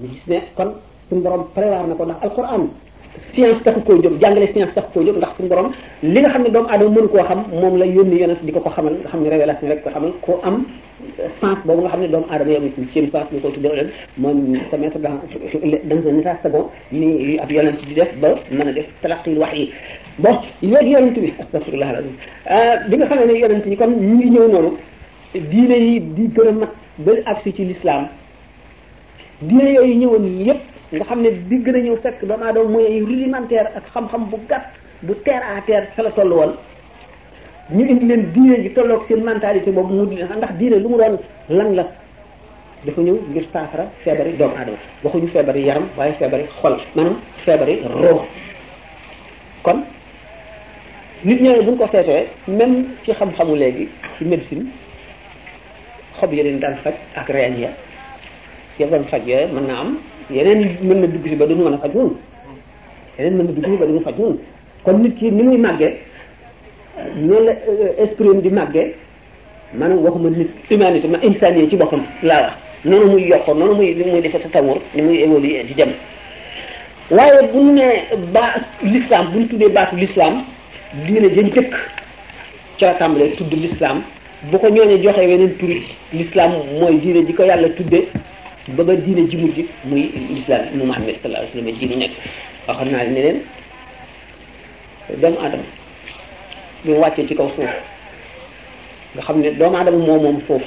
mu gis ne kon suñu borom prévoir na ko ndax alquran science taxu koo jóg jàngale science taxu koo jóg ndax suñu borom li nga xam ne doomu aadama mënu koo xam moom la yónni yonent di ko ko xamal nga xam ne révélation rek ko xamal ko am sens nga xam ne doomu aadama yam ci seen sens ñu koy tuddee leen moom sa maître dans dans un message second ni yonent di def ba mën a def talaqil wax yi bon léegi yonent bi astafirullah alazim bi nga xam ne yonent yi kon ñu ngi ñëw noonu diine yi di gën a mat ba agsi ci l'islam diine yooyu ñëwoon yépp nga xam ne bi gën a ñëw fekk doomu aadama mooy ay rudimentaire ak xam-xam bu gàtt bu terre à terre fa la toll woon ñu indi diine ji tolloog seen mentalité boobu mu ndax diine lu mu doon lan la dafa ñëw ngir saafara feebari doomu aadama waxuñu feebari yaram waaye feebari xol maanaam feebari roox kon nit ñooñu bu ñu ko seetee même ci xam-xamu léegi ci médecine xob yeneen daan faj ak reen ya feebar faj yooyu mën na am yeneen mën na dugg si ba duñu mën a faj noonu yeneen mën na dugg si ba kon nit ki ni muy màggee noonu la euh, esprit di màggee maanaam waxuma nit humanité ma insanie ci boppam laa wax noonu muy yokkoo noonu muy li muy defee tatawur ni muy évoluer di dem waaye bu ñu nee ba l'islam bu ñu tuddee baatu l'islam diine jën tëkk ca tàmbalee tudd l'islam boo ko ñooñu joxee weneen turi l'islam mooy diine ji ko yàlla tudde ba ba diine ji mujj muy lislaam mu Muhammad sallallahu alayhi wasallam ji ñu nekk waxoon naa ne leen doomu aadama bi wàccee ci kaw suuf nga xam ne doomu aadama moo moom suuf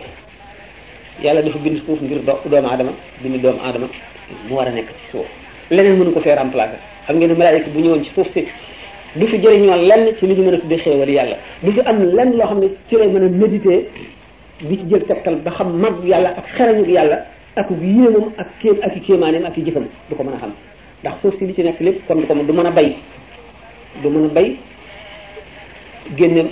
yàlla dafa bind suuf ngir do doomu aadama bind doomu aadama mu war a nekk ci suuf leneen mënu ko fee remplacer xam ngeen ne malaayika bu ñëwoon ci suuf si du fi jëriñoo lenn ci li ñu mën a tuddee xéewal yàlla du fi am lenn loo xam ne ci mën a méditer di ci jël tegtal ba xam mag yàlla yàlla ak yéenam ak kéem ak i kéemaaneem ak i jëfam du ko mën a xam ndax suuf si li ci nekk lépp kon du ko du mën a bay du mën a bay génne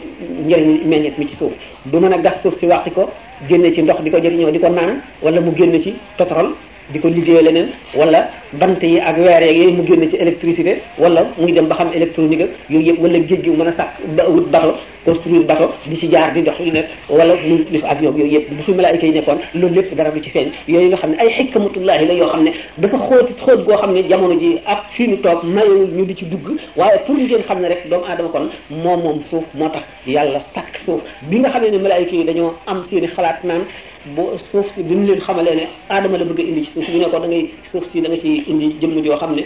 njëriñ meññeet mi ci suuf du mën a gas suuf si wàqi ko génne ci ndox di ko jëriñoo di ko naan wala mu génne ci pétrole di ko liggéey leneen wala bant yi ak weer yeeg yooyu mu génne ci électricité wala muy dem ba xam électronique ak yooyu yëpp wala géej gi mën a sàkk wut bato construire bateau di ci jaar di dox lu nekk wala lu ak ñoom yooyu yëpp bu fi malaayika yi nekkoon loolu lépp dara bu ci feeñ yooyu nga xam ne ay xikmatullahi la yoo xam ne dafa xóoti xóot goo xam ne jamono ji ak fii ñu toog ñu di ci dugg waaye xam ne rek doomu aadama kon moom moom suuf moo tax yàlla sàkk suuf bi nga xam ne ne malaayika yi dañoo am seeni xalaat naan boo suuf si bi mu leen xamalee ne aadama la bëgg indi ci suuf si bu nekkoon da ngay suuf si da nga ci indi jëmm joo xam ne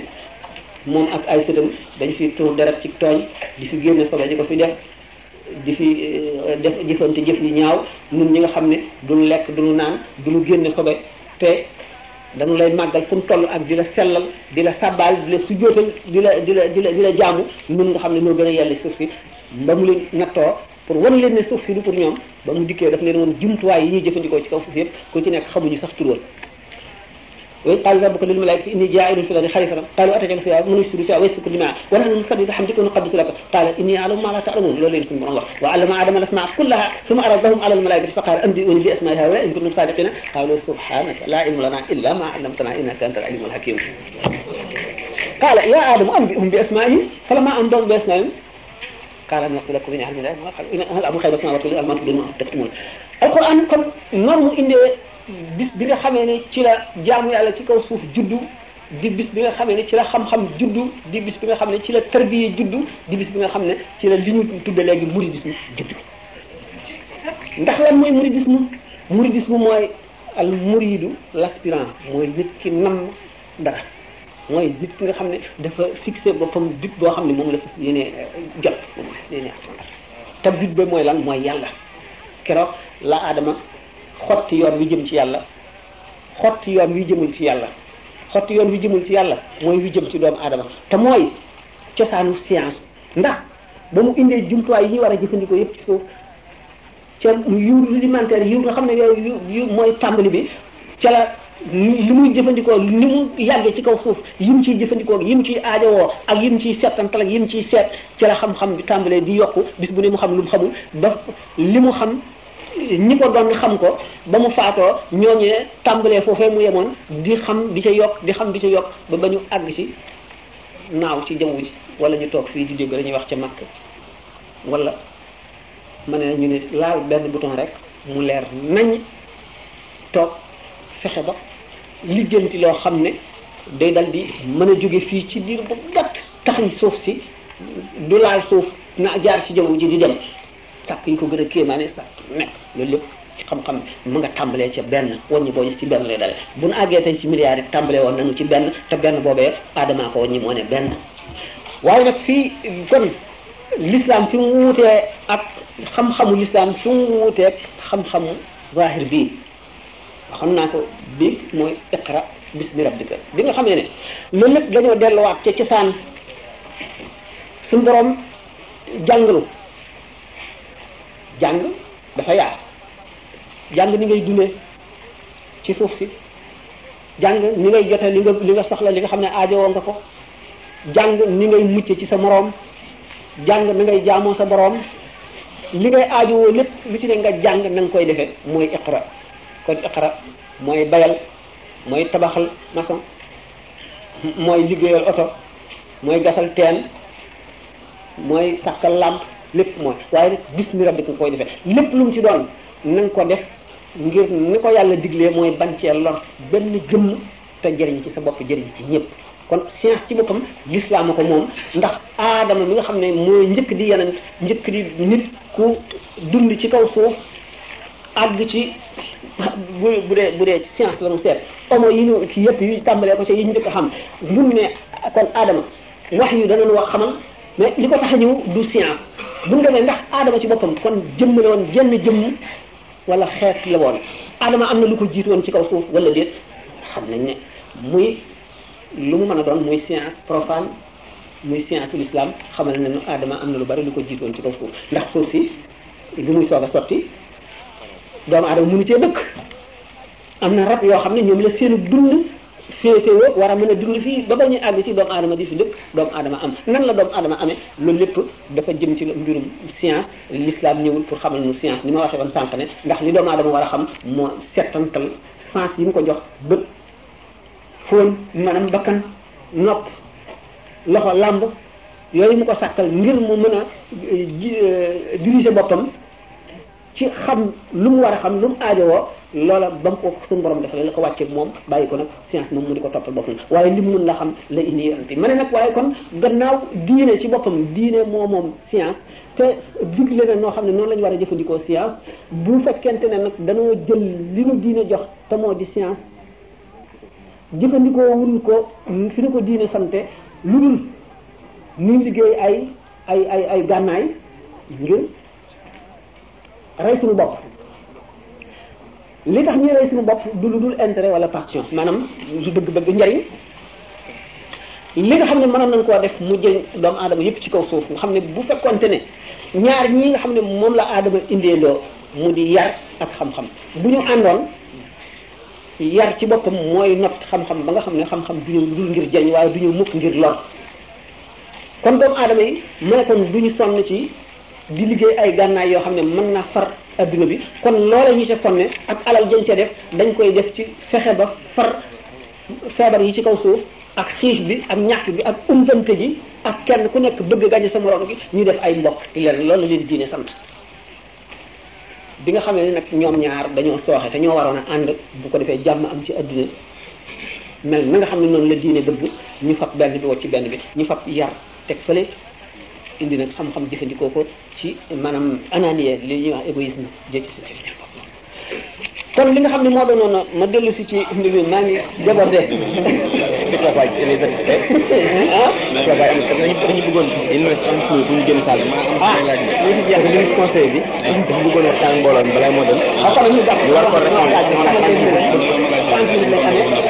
moom ak ay sëtam dañ fi tuur deret ci tooñ di fi génn sobe ji ko fi def di jëfi eh, def jëfante jëf yu ñaaw ñun ñi nga xam ne duñu lekk duñu naan duñu génne sobe te dañu lay màggal fu mu toll ak di la sellal di la sabbaal di la sujjóotal di la di la di la di la jaamu ñun nga xam ne ñoo gën a yelli suuf si ba mu leen nattoo pour wan leen ne suuf si du pour ñoom ba mu dikkee daf leen woon jumtuwaay yi ñuy jëfandikoo ci kaw suuf yëpp ku ci nekk xamuñu sax turoon wa eh, qaalu rabbuka lil malaa'ikati inni jaa'ilun fil ardi xaliifatan qaalu ataj'alu fiihaa man yufsidu fiihaa wa yasfiku dimaa'an wa nahnu nusabbihu bihamdika wa nuqaddisu lak qaala inni a'lamu maa laa ta'lamuun loolu leen suñu borom wax wa 'allama aadama al-asmaa'a kullahaa summa aradahum 'ala al-malaa'ikati fa qaala anbi'uunii bi asmaa'i haa'ulaa'i in kuntum saadiqiin qaaluu subhaanaka laa 'ilma lanaa illaa maa 'allamtanaa innaka anta al-'aliimu al-hakiim qaala yaa aadamu anbi'hum bi asmaa'ihim falammaa anba'ahum bi asmaa'ihim qaala ana aqulu lakum innii 'ilmi l-gaybi bis bi nga xamee ne ci la jaamu yàlla ci kaw suuf juddu di bis bi nga xamee ne ci la xam-xam juddu di bis bi nga xam ne ci la tarbiya juddu di bis bi nga xam ne ci la li ñu tudde léegi muridisme ndax lan mooy muridisme muridisme mooy al muridu l'aspirant mooy nit ki nam dara xam ne dafa fixé boppam but boo xam ne moom la fas yéene euh, mooy lan mooy yàlla keroog la Adama xotti yoon wi jëm ci yàlla xotti yoon wi jëmul ci yàlla xotti yoon wi jëmul ci yàlla mooy wi jëm ci doomu aadama te mooy cosaanu science ndax ba mu indee jumtuwaay yi ñuy war a jëfandikoo yëpp ci suuf ca yu rudimentaire yu nga xam ne yooyu mooy tàmbali bi ca la li muy jëfandikoo ni mu yàggee ci kaw suuf mu ciy jëfandikoo yim ciy aajowoo ak yim ciy seetantal ak yim ciy seet ci la xam-xam tàmbalee di yokk bis bu ne mu xam lu mu xamul ba li mu xam ñi ko doon xam ko ba mu faatoo ñooñee tàmbalee foofee mu yemoon di xam di ca yokk di xam di ca yokk ba ba ñu àgg ci naaw ci jaww ji wala ñu toog fii di dégg dañuy wax ca màkk wala ma ne ñu ne laal benn buton rek mu leer nañ toog fexe ba lijjanti loo xam ne day dal di mën a jóge fii ci diir bu gàtt taxañ suuf si du laal suuf naa jaar ci jaww ji di dem sàkk yi ko gën a kéemaane sàkk nekk loolu lépp ci xam-xam mu nga tàmbalee ca benn wàññi boo gis ci benn lay dale bu nu àggee tey ci milliards yi tàmbale woon nañu ci benn te benn boobee aadamaa ko wàññi moo ne benn waaye nag fii kon l'islam fi mu wuutee ak xam-xamu l'islam fi mu wuutee xam-xamu zahir bii waxoon naa ko bi mooy iqra bismi rabbika bi nga xam ne loolu lépp dañoo delluwaat ci cosaan suñu borom jàngalu jàng dafa yaar jàng ni ngay dundee ci suuf si jàng ni ngay jote li nga li nga soxla li nga xam ne aajo aajowoo nga ko jàng ni ngay mucce ci sa moroom jàng ni ngay jaamoo sa boroom li ngay aajowoo lépp lu ci ne nga jàng na nga koy defee mooy iqra kon iqra mooy bayal mooy tabaxal maçon mooy liggéeyal oto mooy gasal teen mooy sàkkal làmp lépp mooy waaye nag bismi rabbika koy defee lépp lu mu ci doon na nga ko def ngir ni ko yàlla diglee mooy ban cee lor benn jëmm te jëriñ ci sa bopp jëriñ ci ñëpp kon science ci boppam lislaam ko moom ndax aadama mi nga xam ne mooy njëkk di yeneen njëkk di nit ku dund ci kaw suuf àgg ci bu bu dee bu dee science la mu seet homo yi ñu ci yëpp yu tàmbalee ko ci yi njëkk xam lu ne kon aadama wax yu danañ wax xamal mais li ko tax a ñëw du science bu ñu demee ndax aadama ci boppam kon jëmm la woon jenn jëmm wala xeet la woon aadama am na lu ko jiitu woon ci kaw suuf wala déet xam nañ ne muy lu mu mën a doon muy science profane muy science l'islam na nañu aadama am na lu bari lu ko jiitu woon ci kaw suuf ndax suuf si li muy soog a sotti doomu mu mënu cee dëkk am na rab yoo xam ne ñoom la seenu dund féetewoo war a mën a dund fii ba bañ a àgg ci doomu aadama di fi lépp doomu aadama am nan la doomu aadama amee loolu lépp dafa jëm ci mbirum science l'islam ñëwul pour xamal nu science li ma waxee woon sànq ne ndax li doomu aadama war a xam moo settantal sens yi mu ko jox bët fóon maanaam bakkan nopp loxo làmb yooyu mu ko sàkkal ngir mu mën a euh, euh, diriger boppam ci xam lu mu war a xam lu mu aajowoo loola ba mu ko suñu borom defalee la ko wàcce moom bàyyi ko nag science moom mu di ko toppal boppam waaye li mu mën la xam la indi yonante ma ne nag waaye kon gannaaw diine ci boppam diine moo moom science te digle na noo xam ne noonu lañu war a jëfandikoo science bu fekkente ne nag dañoo jël li nu diine jox te moo di science jëfandikoo wul ko fi na ko diine sante lu dul ñu liggéey ay ay ay ay gànnaay ngir rey suñu bopp li tax ñuy rey suñu bopp du lu dul intérêt wala passion maanaam lu bëgg-bëgg njariñ li nga xam ne mënoon nañ koo def mu jël doomu aadama yépp ci kaw suuf nga xam ne bu fekkonte ne ñaar ñii nga xam ne moom la aadama indeeloo mu di yar ak xam-xam bu ñu àndoon yar ci boppam mooy not xam-xam ba nga xam ne xam-xam du ñu dul ngir jëriñ waaye du ñu mukk ngir lor kon doomu aadama yi mënekoon du ñu sonn ci di liggéey ay gànnaay yoo xam ne mën naa far adduna bi kon loola ñu ca fonne ak alal jën ca def dañ koy def ci fexe ba far feebar yi ci kaw suuf ak xiif bi ak ñàkk bi ak umpante ji ak kenn ku nekk bëgg gàññe sa moroom gi ñu def ay mbokk di leen loolu la leen diine sant bi nga xam ne nag ñoom ñaar dañoo sooxe te ñoo waroon a ànd bu ko defee jàmm am ci adduna mel na nga xam ne noonu la diine dëgg ñu fab benn bi wacc ci benn bi ñu fab yar teg fële indi nag xam jëfandikoo ko ci maanaam ananie li ñuy wax égoïsme jëcc si ci kon li nga xam ne moo doonoon ma dellu si ci mbir mi maa ngi débordé waaw ah. dañuy satisfait ah. dañu bëggoon une minute bu ñu génn salle bi. ah li ci jeex li conseil bi. dañu bëggoon waxtaan mbooloo mi balaa moo dem. waaw kon ñu war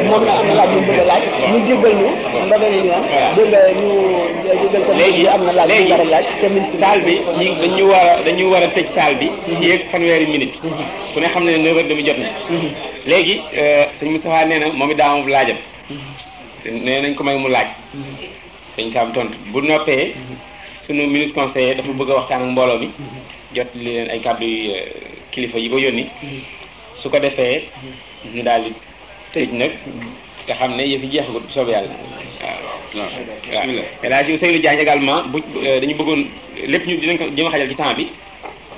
moom la am laaj yu bëgg a laaj ñu jégal ñu ba beneen yoon dégg nga léegi am na laaj a laaj te saal bi ñi dañu war a dañu war a tëj saal bi mhm. yéeg fanweeri minute mhm. ku ne xam ne neuf heures demi jot na mhm. léegi euh, sëñ Moustapha nee na moom it daa am laajam nee nañ ko may mu laaj dañ ko am tontu bu noppee sunu ministre conseiller dafa bëgg a waxtaan ak mbooloo mi jot li leen ay kàddu euh, kilifa yi ko yónni su ko defee ñu daal tëj nag te xam ne yëfi jeexagut soob yàlla waaw waaw El Hadj Seydou Diagne également bu euh, dañu bëggoon lépp ñu dinañ ko jéem a xajal ci temps bi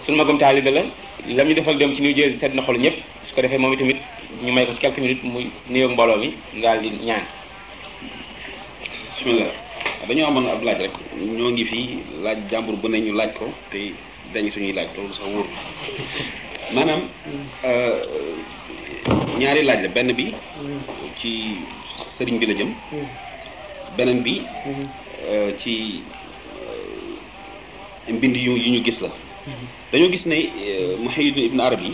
suñu magum taalibe la lam ñu defal dem ci New Jersey sedd na xol ñëpp su ko defee moom itamit ñu may ko ci quelques minutes muy nuyoog mbooloo mi daal di ñaan bismillah dañoo amoon ab laaj rek ñoo ngi fii laaj jàmbur bu ne ñu laaj ko te dañu suñuy laaj loolu sax wóor maanaam euh, ñaari laaj la benn bi ci sëriñ bi la jëm beneen bi euh, ci euh, mbind yu yu ñu gis la dañoo gis ne euh, Muhyiddin Ibn Arabi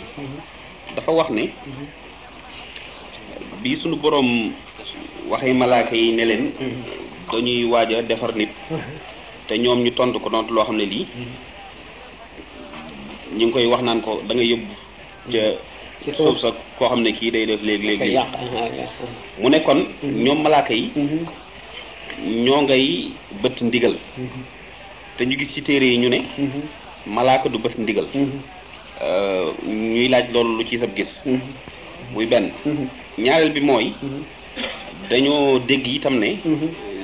dafa wax ne bi sunu boroom waxee malaaka yi ne leen dañuy waaj a defar nit te ñoom ñu tontu ko tontu loo xam ne lii ñu ngi koy wax naan ko da nga ca ci suuf sa koo xam ne kii day def léegi-léegi lii ah, ah, ah. mu ne ñoom malaaka yi mm-hmm. ñoo ngay bët ndigal mm-hmm. te ñu gis ci téere yi ñu ne mm-hmm. malaaka du bët ndigal euh, ñuy laaj loolu lu ci sab gis muy benn ñaareel bi mooy dañoo dégg itam ne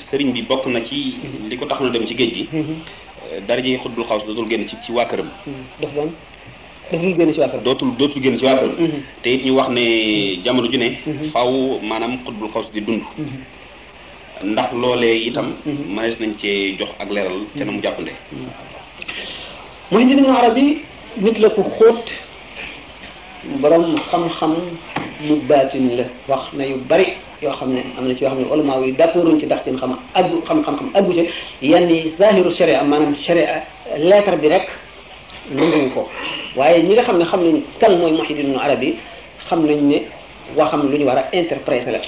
sëriñ bi bokk na ci li ko tax na dem ci géej gi dara ji xaw si dootul génn ci waa këram dootul génn ci waatam dootul dootul génn ci waatam mhm. te it ñu wax ne jamono ju ne mhm. faw maanaam xutbul xaws di dund mhm. ndax loolee itam mënees nañ cee jox ak leeral te na mu jàppande mooy nit ñu arab yi nit la ku xóot borom xam-xam mu baatin la wax na yu bari yoo xam ne am na ci yoo xam ne ulama yi d'accorduñ ci ndax seen xam aggu xam-xam-xam aggu ci yenn yi zahiru sharia maanaam sharia lettre bi rek nanguwu ko waaye ñi nga xam ne xam nañ kan mooy Muhyiddin Ibn Arabi xam nañ ne waxam lu ñu war a interpréter la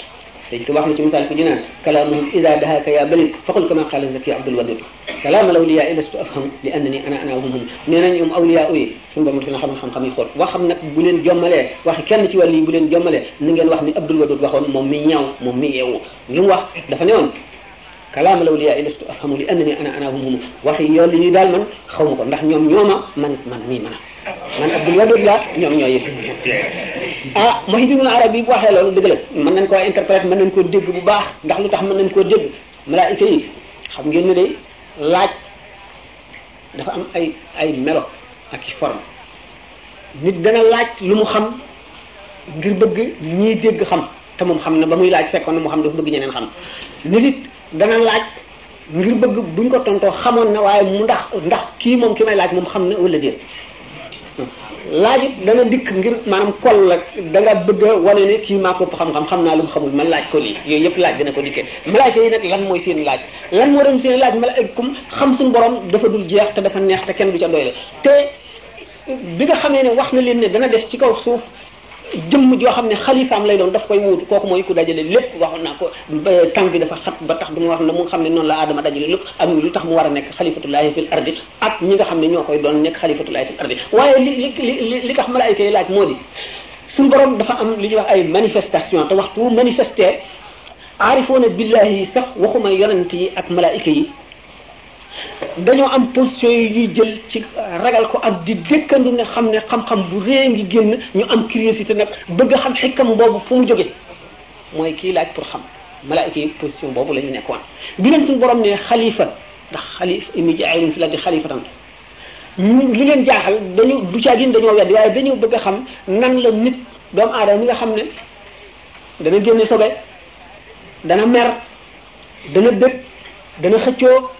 dañ ko wax na ci misaal ko ñu naan kalaamuhum ida dahaka ya balid faqul kama qaala zaki abdul wadud kalaam al awliya lastu afham li annani ana ana hum hum nee nañ ñoom awliya uyi suñu borom dina xam xam-xam yi xool waxam nag bu leen jommalee waxi kenn ci wàll yi bu leen jommalee na ngeen wax ni abdul wadud waxoon moom mi ñaaw moom mi yeewu li mu wax dafa ne woon kalaam lawliyaa lastu i li annani ana ana hum waxi yoon ñuy daal man xaw ma ko ndax ñoom ñooma man man mii man a man Abdul Wadud laa ñoom ñoo yëg ah Muhyiddin Arabi yi bu waxee mën nañ koo interpréter mën nañ koo dégg bu baax ndax lu tax man nañ koo dégg malaayika yi xam ngeen ne day laaj dafa am ay ay melo ak i forme nit dana laaj lu mu xam ngir bëgg ñii dégg xam te moom xam na ba muy laaj fekkoon na mu xam dafa xam nit it dana laaj ngir bëgg buñ ko tontoo xamoon na waaye mu ndax ndax kii moom ki may laaj moom xam ne wala déet laaj it dana dikk ngir maanaam kol la da nga bëgg a wane ne kii maa ko xam-xam xam naa lu mu xamul man laaj ko lii yooyu yëpp laaj dana ko dikkee malaayka yi nag lan mooy seen laaj lan moo doon seen laaj malaaykum xam suñu borom dafa dul jeex te dafa neex te kenn du ca doy te bi nga xamee ne wax na leen ne dana def ci kaw suuf jëmm joo xam ne xalifaam lay doon daf koy wuutu kooku mooy ku dajale lépp waxoon naa ko temps bi dafa xat ba tax du ma wax ne mu nga xam ne noonu la aadama dajale lépp amul lu tax mu war a nekk xalifatullahi fil ardi ak ñi nga xam ne ñoo koy doon nekk xalifatullahi fil ardi waaye li li li tax malaayka yi laaj moo di suñu borom dafa am li ñuy wax ay manifestation te waxtu manifester aarifoona billahi yi sax waxuma yonent yi ak malaayka yi dañoo am position yi ñuy jël ci ragal ko ak di dëkkandu ne xam ne xam-xam bu rée ngi génn ñu am curiosité nag bëgg xam xikkam boobu fu mu jógee mooy kii laaj pour xam malaayika yi position boobu la ñu nekkoon bi leen suñu borom ne xalifa ndax xalifa inni jaa'ilun fil ardi xalifatan li leen jaaxal dañu du caa gin dañoo wedd waaye dañoo bëgg a xam nan la nit doomu aadama mi nga xam ne dana génne sobe dana mer dana dëkk dana xëccoo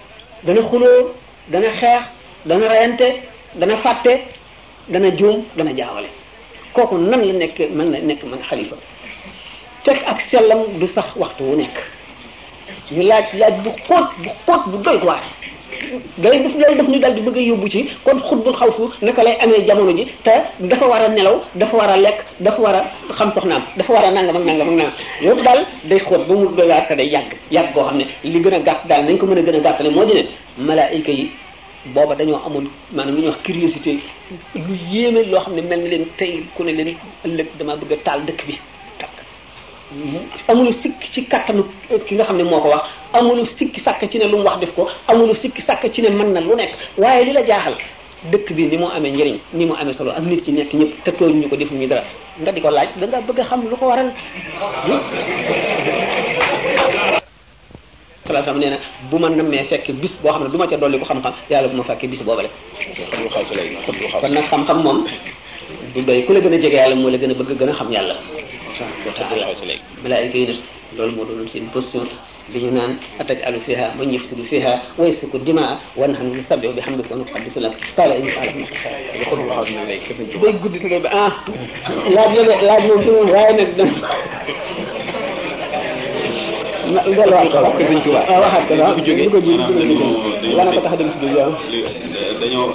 dana xuloo dana xeex dana reyante dana fàtte dana juum dana jaawale kooku nan la nekk mën na nekk man xalifa fekk ak sellam bu sax waxtu wu nekk ñu laaj laaj bu xóot bu xóot bu doy waar day def loolu daf ñu dal di bëgg yóbbu ci kon xutbul xaw fu naka lay amee jamono ji te dafa war a nelaw dafa war a lekk dafa war a xam soxnaam dafa war a nangam ak nangam ak nangam yooyu daal de xóot ba mu doyaar te day yàgg yàgg koo xam ne li gën a gàtt daal nañ ko mën a gën a gàttale moo di ne malaayika yi booba dañoo amoon maanaam lu ñu wax curiosité lu yéeme loo xam ne mel na leen tey ku ne leen ëllëg dama bëgg taal dëkk bi amul sikk ci kattanu euh, ki nga xam ne moo ko wax amulu sikki sàkk ci ne lu mu wax def ko amulu sikki sàkk ci ne mën na lu nekk waaye li la jaaxal dëkk bi ni mu amee njariñ ni mu amee solo ak nit ci nekk ñëpp te tooñ ñu ko defuñu dara nga di ko laaj da bëgg xam lu ko waral salaa salaam nee na bu ma nammee fekk bis boo xam ne du ma ca dolli ko xam-xam yàlla bu ma fekkee bis boobale kon nag xam-xam moom du doy ku la gën a jege yàlla moo la gën a bëgg gën a xam yàlla wa ta'ala malaayika yi nag loolu moo doonoon seen posture bi ñu naan atajalu fiha man yufsidu fiha wa yasfiku dimaa wa nahnu nusabbihu bihamdika wa nuqaddisu lak qala inni a'lamu ma day guddi te ba ah laaj la de laaj moom fi moom waaye nag da ma dellu waat ko waaw waxaat ko waaw ah. ko ko tax dem si dañoo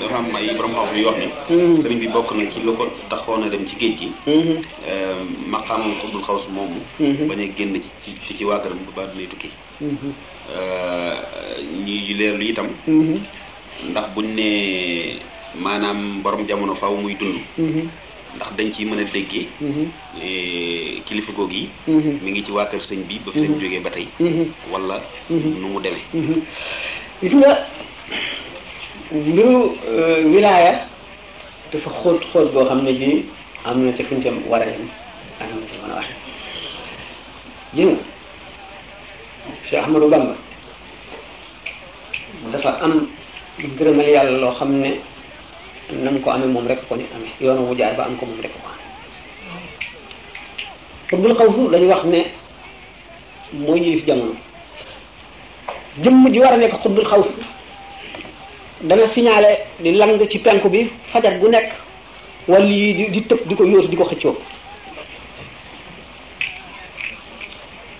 dafa am ay borom xam yu wax ni. sëriñ bi bokk na ci lu ko taxoon a dem ci géej gi. Hmm. Euh, maqaamam xubul xaws moomu. Hmm. bañ a génn ci ci ci waa këram bu baax dinay tukki. Hmm. Euh, ñuy leerlu itam. ndax buñ ne maanaam boroom jamono faaw muy dund. ndax dañ ciy mën a déggee. E, kilifa googu yi. mi ngi ci waa sëñ bi. ba fi sëñ jógee ba tey. wala nu mu demee. mbiru euh, wilaaya dafa xóot xóot boo xam ne bii am na ca fi ñu war a yem am na ca mën a waxe jëng Cheikh Ahmadou Bamba dafa am gërëmal yàlla loo xam ne na mu ko amee moom rek ko ni amee yoonu wu jaar ba am ko moom rek ko amee Abdul Xawf dañu wax ne mooy yilif jamono jëmm ji war a nekk Abdul Xawf dana signalé di lang ci penku bi fajar gu nekk wala yi di di tëb di ko yóotu di ko xëccoo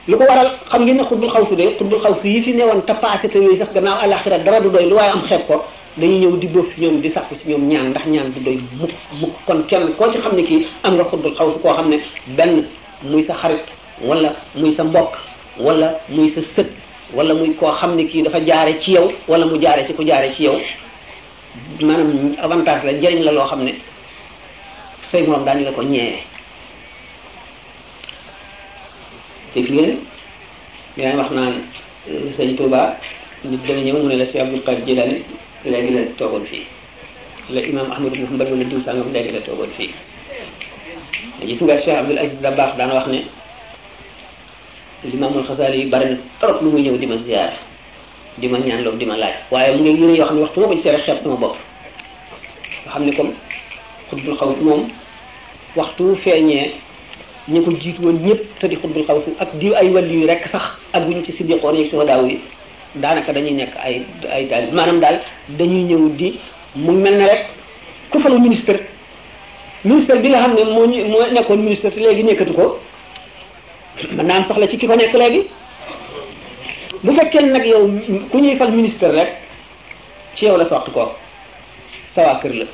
lu ko waral xam ngeen ne xutbul xaw si de xutbul xaw si yi fi newoon te passé te yooyu sax gannaaw alaxira dara du doy lu waaye am xeeb ko dañuy ñëw di boof ci ñoom di sàkku ci ñoom ñaan ndax ñaan du doy mukk mukk kon kenn koo ci xam ne kii am nga xutbul xaw si koo xam ne benn muy sa xarit wala muy sa mbokk wala muy sa sët wala muy koo xam ni kii dafa jaare ci yow wala mu jaare ci ku jaare ci yow maanaam avantage la njëriñ la loo xam ne say morom daañu la ko ñeewee dégg ngeen yaa ngi wax naan euh, sëñ Touba nit dana ñëw mu ne la si Abdul Qadir Jilani léegi la toogoon fii la imam Ahmad ibn Hanbal wala diw sàngam léegi la toogoon fii gis nga Cheikh Abdul daan wax ne limaamul xasaali yi bari na lu mu ñëw di ma ziyaar di ma ñaan loolu di ma laaj waaye mu ngi yére yoo xam ne waxtu ma ko ne comme xutbul xaw moom waxtu feeñee ñu ko jiitu woon ñëpp te di xutbul xaw ak di ay wàll yu rek sax ak bu ñu ci siddiqoon yi soo daaw yi daanaka dañuy nekk ay ay daal maanaam daal dañuy ñëw di mu mel ne rek ku falu ministre ministre bi nga xam ne moo ñu moo nekkoon ministre te léegi nekkatu ko mën naa am soxla ci ki ko nekk léegi bu fekkee nag yow ku ñuy fal ministre rek ci yow la soxla ko sa kër la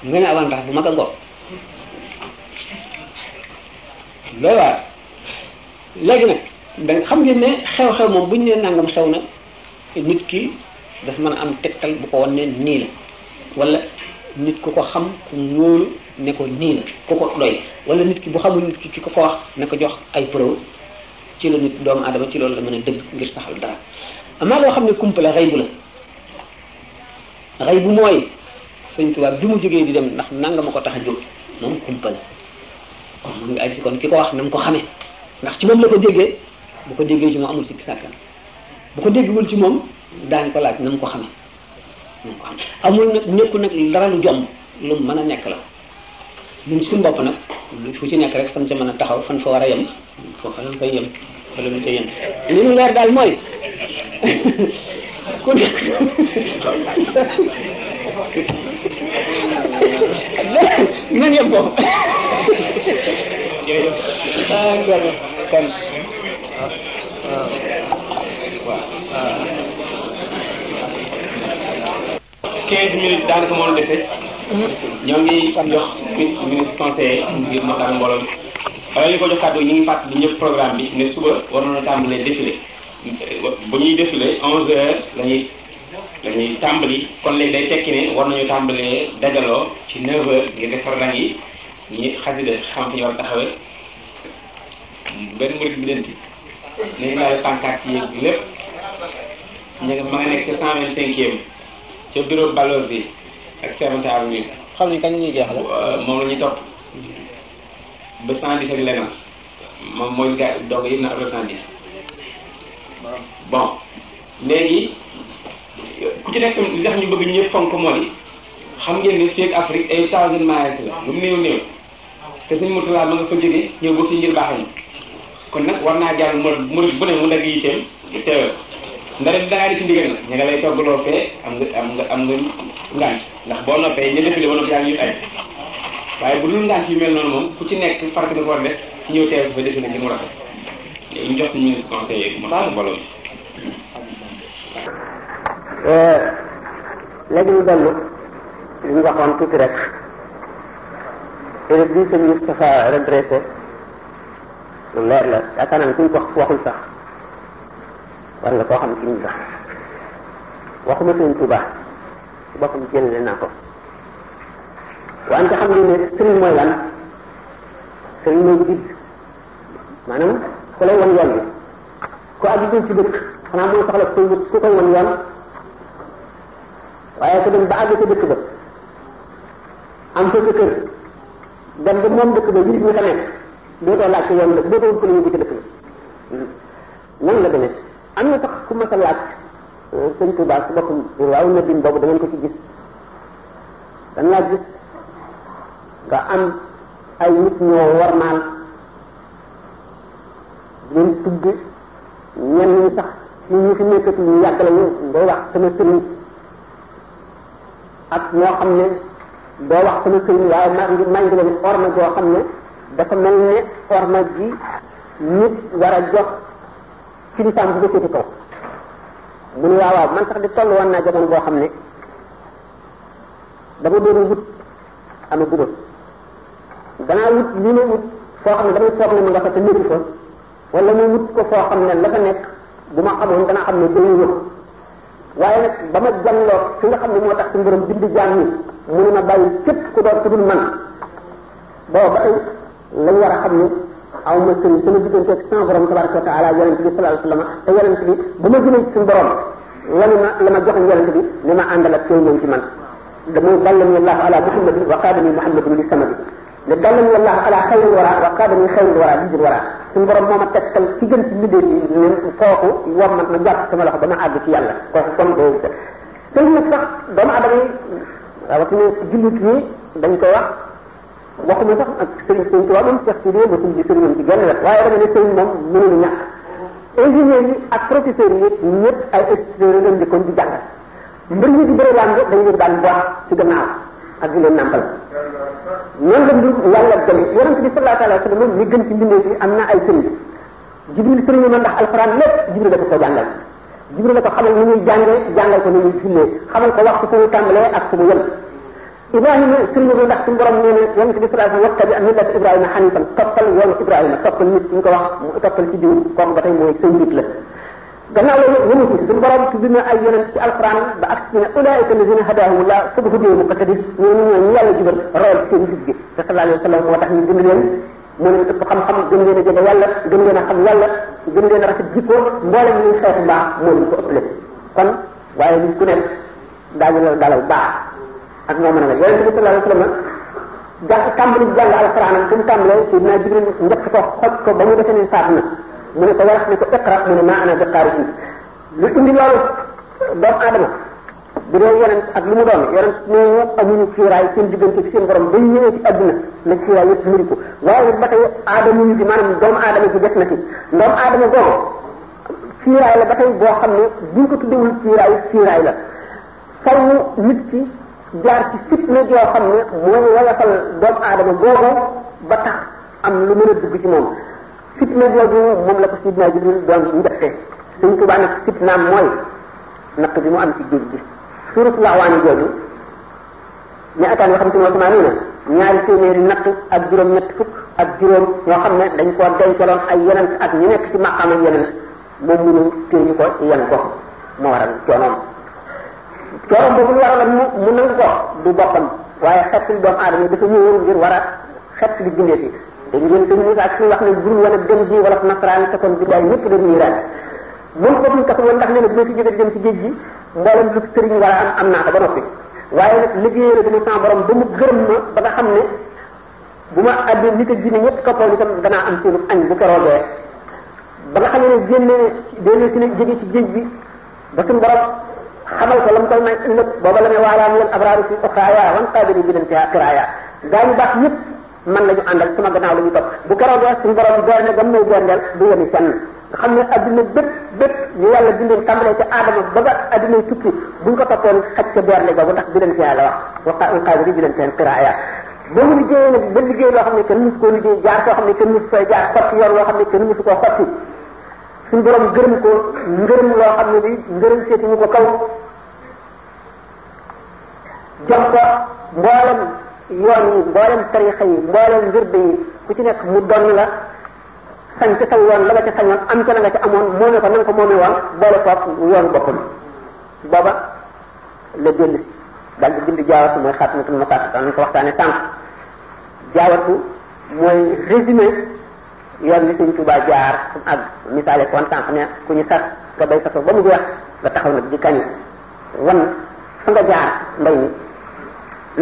xam nga ne avantage bu mag a ngoog loolu waaw léegi nag da xam ngeen ne xew-xew moom bu ñu nee nangam xew na nit ki daf mën a am tegtal bu ko wan ne nii la wala nit ku ko xam ku wóolu ne ko nii la ku ko doy wala nit ki bu xamul nit ki ki ko ko wax ne ko jox ay preuve ci la nit doomu ci loolu la mën a dëgg ngir saxal dara amaa loo xam ne kumpa la xëy bu la xëy bu mooy mu jógee di dem ndax nanga ma ko tax a jóg moom kumpa la kon mu kon ki ko wax na ko ndax ci moom la ko déggee bu ko déggee ci moom amul si ko déggul ci moom daañ laaj na mu ko xamee amul nag ñëpp nag dara lu jomb lu mën a nekk la ñun suñu bopp nag fu ci nekk rek fan sa mën a taxaw fan fa war a yem foofa la koy fa lan koy leer daal mooy ku nekk nan yem foofu ah, kon ah, ah, waaw 15 minutes daanaka moo la dese ñoo ngi jox huit minutes conseiller ngir mu tax mbooloo mi ñu ko jox kàddu ñu ngi fàttali ñëpp programme bi ne suba war na tàmbalee défilé bu ñuy défilé 11 heures la tàmbali kon léegi day tekki ne war nañu tàmbalee dajaloo ci 9 heures ngir defar rang yi ñi xam fi ñu war a taxawee benn murid bi leen ci nañu laale pancarte yi lépp ma nga nekk ca 125e ca bureau balleur bi ak Clémentin Avenue. xam nañ kañ la ñuy moom la ñuy topp moom mooy gaa doog yëpp na ba 110 bon léegi ku ci nekk li tax ñu bëgg ñëpp fonk moo di xam ngeen ne fii ak Afrique ay thousand miles la lu mu néew néew te suñu motulaa ma nga fa jógee ñëw ba fii ngir baax ñu kon nag war naa jàll mu mu bu ne mu dagg yitteem teewee ko. nga def dara ci ndigal ñu nga lay toggaloo fee am nga am nga am nga ngànt ndax boo noppee ñu defile ba noppi yaa ngi ñu ay waaye bu dul ngànt yu mel noonu moom ku ci nekk fark na ko war def ñëw teew si fa defi na ñu mu tax mbooloo mi euh, ñu waxoon tuuti rek erreur bi sëñ Moustapha redressé lu leer la yaakaar naa ne kuñ waxul sax war nga koo xam ci nit la waxuma sëriñ Tuuba ci boppam jëlale naa ko wante xam nga ne sëriñ mooy mooy gudd maanaam ku lay wan yoon bi ku àggul ci dëkk xanaa yoon waaye ku dem ba àgg ca dëkk ba am fa sa kër dem ba moom dëkk ba yurib ñi fa nekk dootoo laaj ci yoon dëkk dootoo wut ko lu ñu ci dëkk ba hmm. noonu la demee am na sax ku mas a laaj eh, sëñ Tuubaa su boppam waaw na bin boobu da ngeen ko ci gis dañ laa gis nga am ay nit ñoo warmaal leen tudd ñenn ñi sax ci ñu fi nekkatu ñu yàgg la ñu doo wax sama sëriñ ak ñoo xam ne doo wax sama sëriñ waaye maa ngi maa ngi leen orma joo xam ne dafa mel ne orma ji nit war a jox kilifaam bi yëkkati ko mu ne waaw waaw man sax di toll woon naa jamono boo xam ne dama doon wut ama guma danaa wut lii ma wut foo xam ne damay foog ne mu nga fa te mu ne la ma xamoon danaa xam ne dañuy wut waaye nag ba ma jàlloo fi nga xam ne moo tax ci mbirum bind jaam yi mu ne ma bàyyi képp ku doon ku dul man booba ay lañ war a xam ne aw ma sëriñ sama diggante ak sama borom tabaraka wa taala yonent bi sallallahu alayhi wa sallam te yonent bi ba ma jëlee ma la ma joxoon yonent bi ne ma àndal ak yow ñoom ci man damay dallani allahu ala muhammadin wa qaadani muhammadin li samadi ne dallani allahu ala xayril wara wa qaadani xayril ma tegtal ci gën ci mbindee bi ne ma ma jàpp sama loxo ba ma àgg ci yàlla kooku comme day tey nag sax doomu adama yi rawatina jullit yi waxuma sax ak sëriñ sëriñ Tuubaa moom Cheikh Sidiye mosul ci ci genn wet waaye dama ne sëriñ moom mënul ñàkk ingénieur ak professeurs yi ñëpp ay extérieur lañ di jàng mbir yi di bëre daan dañ leen daan boot ci gannaaw bi sallallahu alayhi wa sallam moom li gën ci mbindeef yi am na ay sëriñ jibril sëriñ ma ndax alxuraan lépp jibril ko ko jàngal jibril ko xamal ni ñuy jàngee jàngal ko ni ñuy jullee xamal ko waxtu fu mu tàmbalee ak fu mu Ibrahima sëriñ bi ndax suñu borom nee na yonent bi sallallahu alayhi wa sallam wattabi millata Ibrahima xanifan toppal yoonu Ibrahima toppal nit ñu ko wax mu toppal ci diw kooku ba tey mooy sëñ nit la. gannaaw loolu yëngu ci suñu borom tudd na ay yonent ci alquran ba ak ci ne ulaa'ika allaziina hadahumullah fa bihudaahu muqtadis ñooñu ñooy ñu yàlla jubal royal seen gis gi te sallallahu alayhi wa sallam moo tax ñu gën leen moo leen ëpp xam-xam gën leen a jege yàlla gën leen a xam yàlla gën leen a rafet jikko mboolem ñu xeetu baax moo leen ko ëppale kon waaye nit ku nekk daañu la dalal baax ak Muhammad nag yonent bi sallallahu alayhi wa sallam jàng tàmbali jàng alquranam fu mu tàmbalee Sidna Jibril njëkk ko xoj ko ba mu defee ne saaf na mu ne ko warax ne ko iqra mu ne maa ana biqaari lu indi loolu doomu aadama bu dee yonent ak lu mu doon yonent ñooñu amuñu fiiraay seen diggante seen borom ba ñëwee ci àdduna la fiiraay yëpp mëri ko waaye ba tey aadama yi bi maanaam doomu aadama ji na fi doomu aadama googu fiiraay la ba boo xam ne buñ ko tuddewul fiiraay fiiraay la faw jaar ci fitna joo xam ne moo ñu woyofal doomu aadama boobu ba tax am lu mën a dugg ci moom na jooju moom la ko sidna Jibril doon njëkk am jooju ñaataan yoo xam te ne osmaani na ñaari téeméeri natt ak juróom ñett fukk ak juróom ñoo xam ne dañ koo dencaloon ay yenant ak ñu nekk ci maqaam ak yenant moom mënu téye ko yenn ko moo waral coonoom toolam boobu lu waraloon mu mu nangu ko du boppam waaye xet li doomu aadama dafa ñëwoon ngir war a xet li bindee fi dañu leen sëñ Moussa suñu wax ne jur wala dem ji wala nasaraan bu ci géej gi mboolem lu sëriñ war a ba noppi waaye nag liggéey la dama sama borom ba mu nga xam ne bu ma àddee nit ak jinne ñëpp toppoo itam danaa am seenu añ bu keroogee ba nga xam ne génne génne si ne jóge ci géej gi ba suñu borom xamal ko la mu koy may ëllëg booba la ne waaraam leen abraaru fi oxaaya wan qaabili bi leen fi xiraaya daañu baax ñëpp man la ñu àndal sama gannaaw la ñu topp bu keroogee suñu borom door ne gam nay dendeel du yemi fenn nga xam ne adduna bépp bépp ñu yàlla bindeen tàmbalee ci aadama ba ba addunay tukki buñ ko toppoon xaj ca deerle boobu ndax bi leen fi yàlla wax wa an qaabili bi leen fi xiraaya ba mu liggéeyee nag ba liggéey loo xam ne kenn musu koo liggéey jaar koo xam ne kenn musu koy jaar xotti yoon loo xam ne kenn musu koo xotti su borom gërëm ko ngërëm loo xam ne bi ngërëm seeti ñu ko kaw jox ko mboolem yoon yi mboolem tarixa yi mboolem wirde yi ku ci nekk mu doon la sañ ca saw yoon la nga sañoon am ca la nga ca amoon moome ko na nga ko moome woon boole koog yoonu boppam booba la génn daal di bind jaawatu mooy xaatinatul maqaasid daan nañ ko waxtaane sànq jaawatu mooy résumé yoon ni suñ Tuubaa jaar fu mu àgg misaale kon sànq ne ku ñu sas nga bay sasoo ba mu jeex nga taxaw nag di kañ wan fa nga jaar mbay mi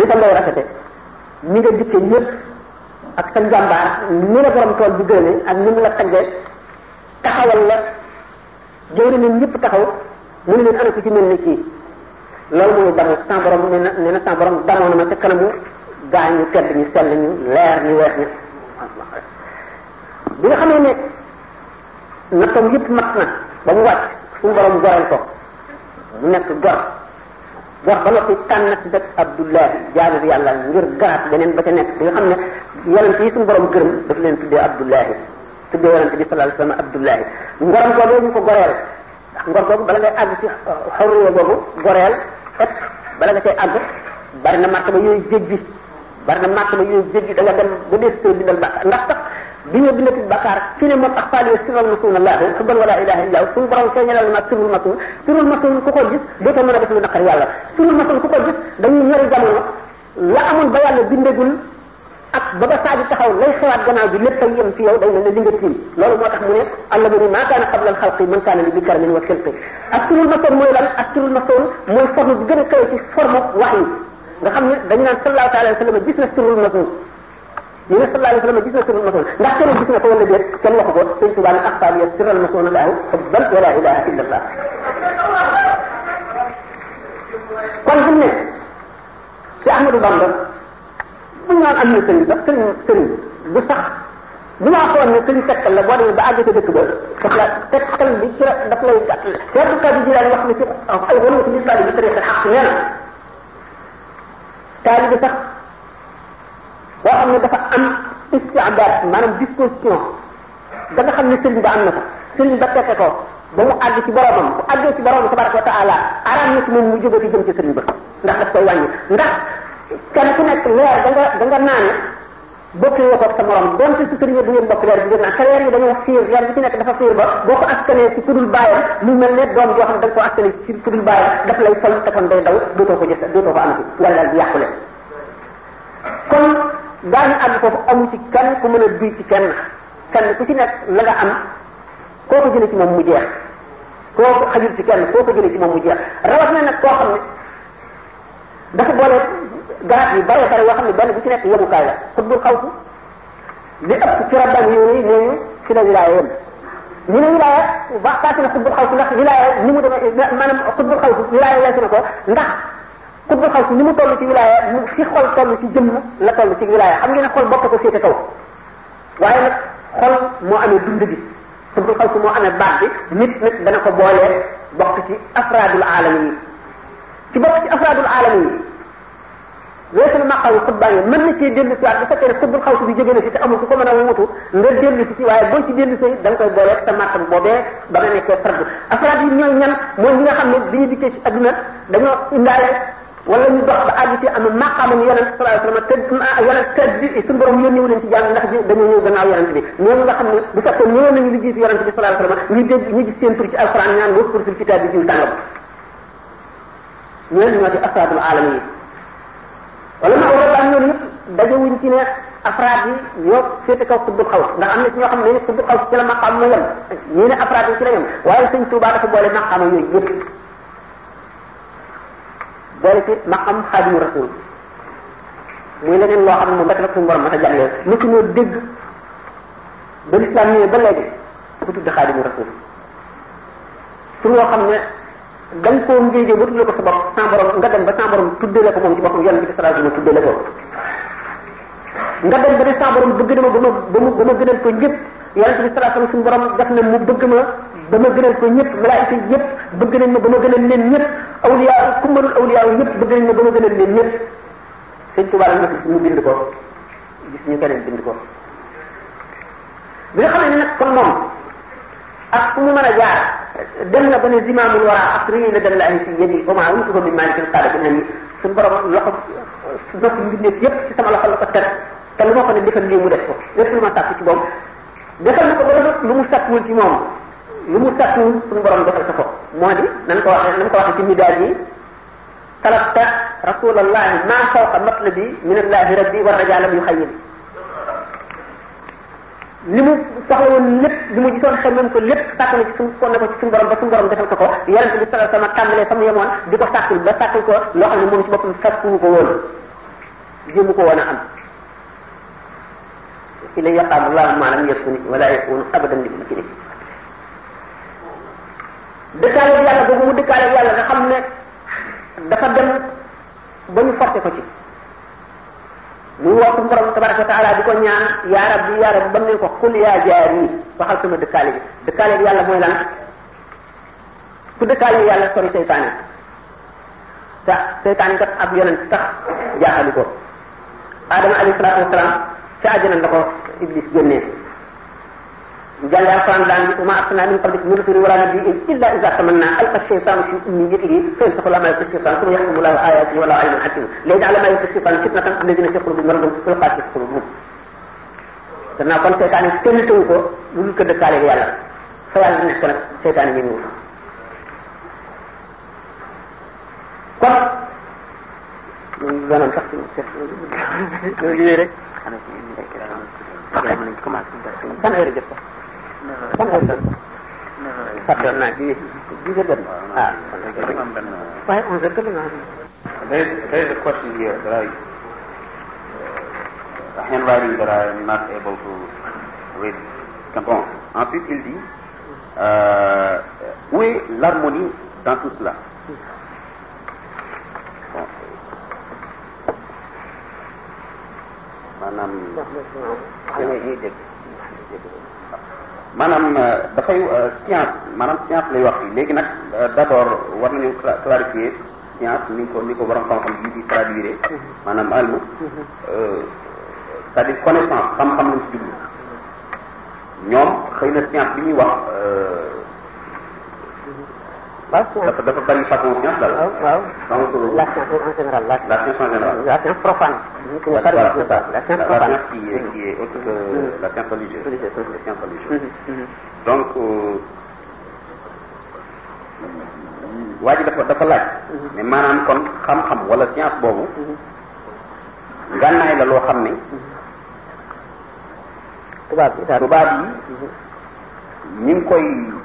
li sa mbay rafete ni nga dikkee yëpp ak sa jàmbaar ni la borom tool bi gërëme ak ni mu la tagge taxawal la jëwri leen ñëpp taxaw mu ne leen ana mel ni kii loolu mooy damu sans borom nee na nee borom damoon na ma kanamu gaañu tedd ñu sell ñu leer ñu weex ñu bi nga xamee ne nattam yëpp mat na ba mu wàcc suñu borom goral ko mu nekk gor gor ba noppi tànnat def abdullahi jaamu bi yàlla ngir garaat beneen ba ca nekk bi nga xam ne yonent yi suñu borom gërëm daf leen tuddee abdullahi tuddee yonent bi sallallahu alayhi wasallam abdullahi ngoram googu ñu ko goreel ndax ngor googu bala ngay àgg ci xorriya googu goreel et bala nga cay àgg bari na martaba yooyu jéggi bari na martaba yooyu jéggi da nga dem ba des soo bindal ba ndax sax bi ñu bindati bakaar fi ne moom ak faali sirral masul allah xubban wala ilaha illa suñu borom feeñalal ma surul masul surul masul ku ko gis dootoo mën a def lu naqar yàlla surul masul ku ko gis dañuy ñori jamono la amoon ba yàlla bindagul ak ba ba saa di taxaw lay xewaat gannaaw bi lépp ay yem fi yow day mel ne li nga tiim loolu moo tax mu ne allah mu ne maa kaana qabla alxalqi man kaana li bi karamin wa xilqi ak surul masul mooy lan ak surul masul mooy forme bi gën a kawe ci forme wax yi nga xam ne dañu naan sallallahu alayhi wa sallam gis na surul masul ñu ne sallallahu alayhi wasallam gis na sirral masoon ndax kenn gis na ko wala déet kenn waxu ko sëñ Tuubaa ne axfaal ya sirral masoon laahu xubban wala ilaha illa allah kon xam ne si Ahmadou Bamba bu ñu naan am na sëriñ sax sëriñ sëriñ bu sax bu ma waxoon ne sëriñ tegtal la boo demee ba àgg ca dëkk ba daf la tegtal bi ci la daf lay gàtt la seetlu kaa bi ji daal wax ne ci ay wala ci lislaam bi tariqa xaq nee na taalibi sax boo xam ne dafa am istiadaat maanaam disposition da nga xam ne sëriñ am na ko sëriñ ba tekke ko ba mu àgg ci ba bu àggee ci boromam tabaraka wa taala araam na ci mu jógati jëm ci sëriñ ba ndax daf koy wàññi ndax kenn da nga da nga naan bokkee woo ko ak si sëriñ leer bi gën naa te leer yi dañoo fiir leer bi ci nekk dafa fiir ba boo ko askanee ci kudul baayam mu mel ne doom joo xam ne da nga ko askanee ci kudul baayam daf lay sol te kon day daw dootoo ko jës dootoo ko amati nga daal di yàqule daañu àgg ko amu ci kenn ku mën a duy ci kenn kenn ku ci nekk la am koo ko jëlee ci moom mu jeex koo ko xajul ci kenn koo ko jëlee ci moom mu jeex rawat na nag koo xam ne dafa boole garab yi bare bare yoo xam ne benn bu ci nekk yemukaay la xutbul xawfu li ëpp ci rabban yooyu ñooñu ci la wilaaya yem ñu ne wilaaya wax passé na xutbul xawfu ndax wilaaya ni mu demee maanaam xutbul xawfu wilaaya weesu ko ndax xutbul xaw si ni mu toll ci wilaya mu fi xol toll ci jëmm la toll ci wilaya xol bopp ko féete kaw waaye nag xol moo amee dund bi xutbul xaw si moo amee baat bi nit nag dana ko boolee bokk ci afraadul aalami yi ci bokk ci afraadul aalami yi weesu na maqamu xutbaan yi mën na cee dellu si waat bu fekkee a wutu nga dellu si ci waaye boo da koy boolee sa martaba boobee ba nga nekkee fardu afraad yi ñooy ñan mooy ñi nga xam ne bi ñu dikkee ci adduna dañoo wala ñu dox ba àgg ci am maqaamam yonent sallallahu alayhi wasallam te ah yonent te bi suñu borom yónni wu leen ci jàng ndax dañoo ñëw gannaaw yonent bi ñooñu nga xam ne bu fekkee ñëwoon nañu li jiitu yonent bi sallallahu alayhi bi jiw tàngam ñooñu ñoo ci afraadul aalam yi ma aw rabaan ñoom ñëpp dajewuñ ci ne afraad yi ñoo féete kaw xubbul xaw ndax am na ci ñoo xam ne xubbul xaw ci la maqaam ma yem ñii ne afraad yi ci la yem waaye sëñ boole ci ma am xaadimu rasul muy leneen loo xam ne moom rek la suñu borom mën a jàllee lu ci moo dégg ba lislaam ñëwee ba tudd xaadimu rasul su loo xam ne dañ koo ngéejee nga dem ba sans tuddee la ko moom ci boppam yàlla bi di sallallahu alayhi wa sallam tuddee la ko nga dem ba ne sans borom bëgg a ma ba ma ba ma gënal ko ñëpp yonente bi sallallahu alayhi wasallam suñu borom def na mu bëgg ma ba ma gënal ko ñëpp malaayika yëpp bëgg nañ ma ba ma gënal leen ñëpp awliya ku mënul awliya ñëpp bëgg nañ ma ba ma gënal leen ñëpp sëñ Tuubaa la ñu bind ko gis ñu keneen bind ko bi nga xam ne nag kon moom ak fu mu mën a jaar dem na ba ne zimaamul wara ak réy la dem la ay si yéen yi comment wuñ ko bi maalikin xaalis bi nañu suñu borom loxo su noppi mbindeef yëpp ci sama loxo la ko teg te lu ma ko ne defal lii mu def ko lépp lu ma sàpp ci moom defal na ko borom lu mu sàkkuwul ci moom lu mu sàkkuwul suñu borom defal ko ko moo ko waxee nañ ko waxee ci midaal yi talabta rasulallahi ma fawqa matlabi min allahi li mu soxla woon lépp mu gisoon xel moom ko lépp sàkk na ci suñu kon ko ci suñu borom ba suñu loo xam ne moom ci boppam sàkkuwu ko ko woon a am إلى يقال الله ما لم يكن ولا يكون أبدا لممكنه dëkkaale bi yàlla boobu mu dëkkaale bi yàlla nga xam ne dafa dem ba ñu forcé ko ci muy woo suñu borom tabaraka wa taala di ko ñaan yaa rabbi yaa rabbi ba mu ne ko xul yaa jaar yi waxal sama dëkkaale bi dëkkaale bi yàlla mooy lan ku dëkkaale yàlla sori seytaane te seytaane kat ab yonent sax jaaxali ko aadama alayhi salaatu wasalaam ca àjjana la ko iblis génnee ñu jàng alquran daan bi ma arsalnaa min qablik min rasulin wala nabiyyin illa iza tamannaa alqa shaytaanu fi umniyyatihi fayansikhul maa yulqi shaytaan thumma yahkumu llaahu aayaatihi wallaahu aliimun hakiim liyaj'ala maa yulqi shaytaanu fitnatan allaziina fii quluubihim maradun walqaasiyati quluubuhum gannaaw kon seytaane kenn tëwu ko lu dul ko dëkkaale yàlla fa yàlla nekk nag seytaane ñu ngi kon ñu doon sax ci rek problème lañ commencé ban heure jot ko. ban heure jot ko. fàttewoon naa dix heures a question here that I, uh, a euh, dans tout cela? maanaam. maanaam euh, dafay euh, science maanaam science lay wax léegi nag euh, d'abord war nañu clarifier science ni ko ni ko borom xam-xam yi di traduire maanaam almu cest à xam-xam lañ ci ñoom xëy na science bi ñuy wax dafa dafa bari façon science daal. waaw waaw. donc la science en général. la science en la science profane. la science profane qui est la science religieuse. la science religieuse. donc waa ji dafa dafa laaj. Hmm. mais maanaam kon xam-xam wala science boobu. Hmm. ngànnaay la loo xam ne. Hmm. tubaab yi tubaab yi ñu ngi koy.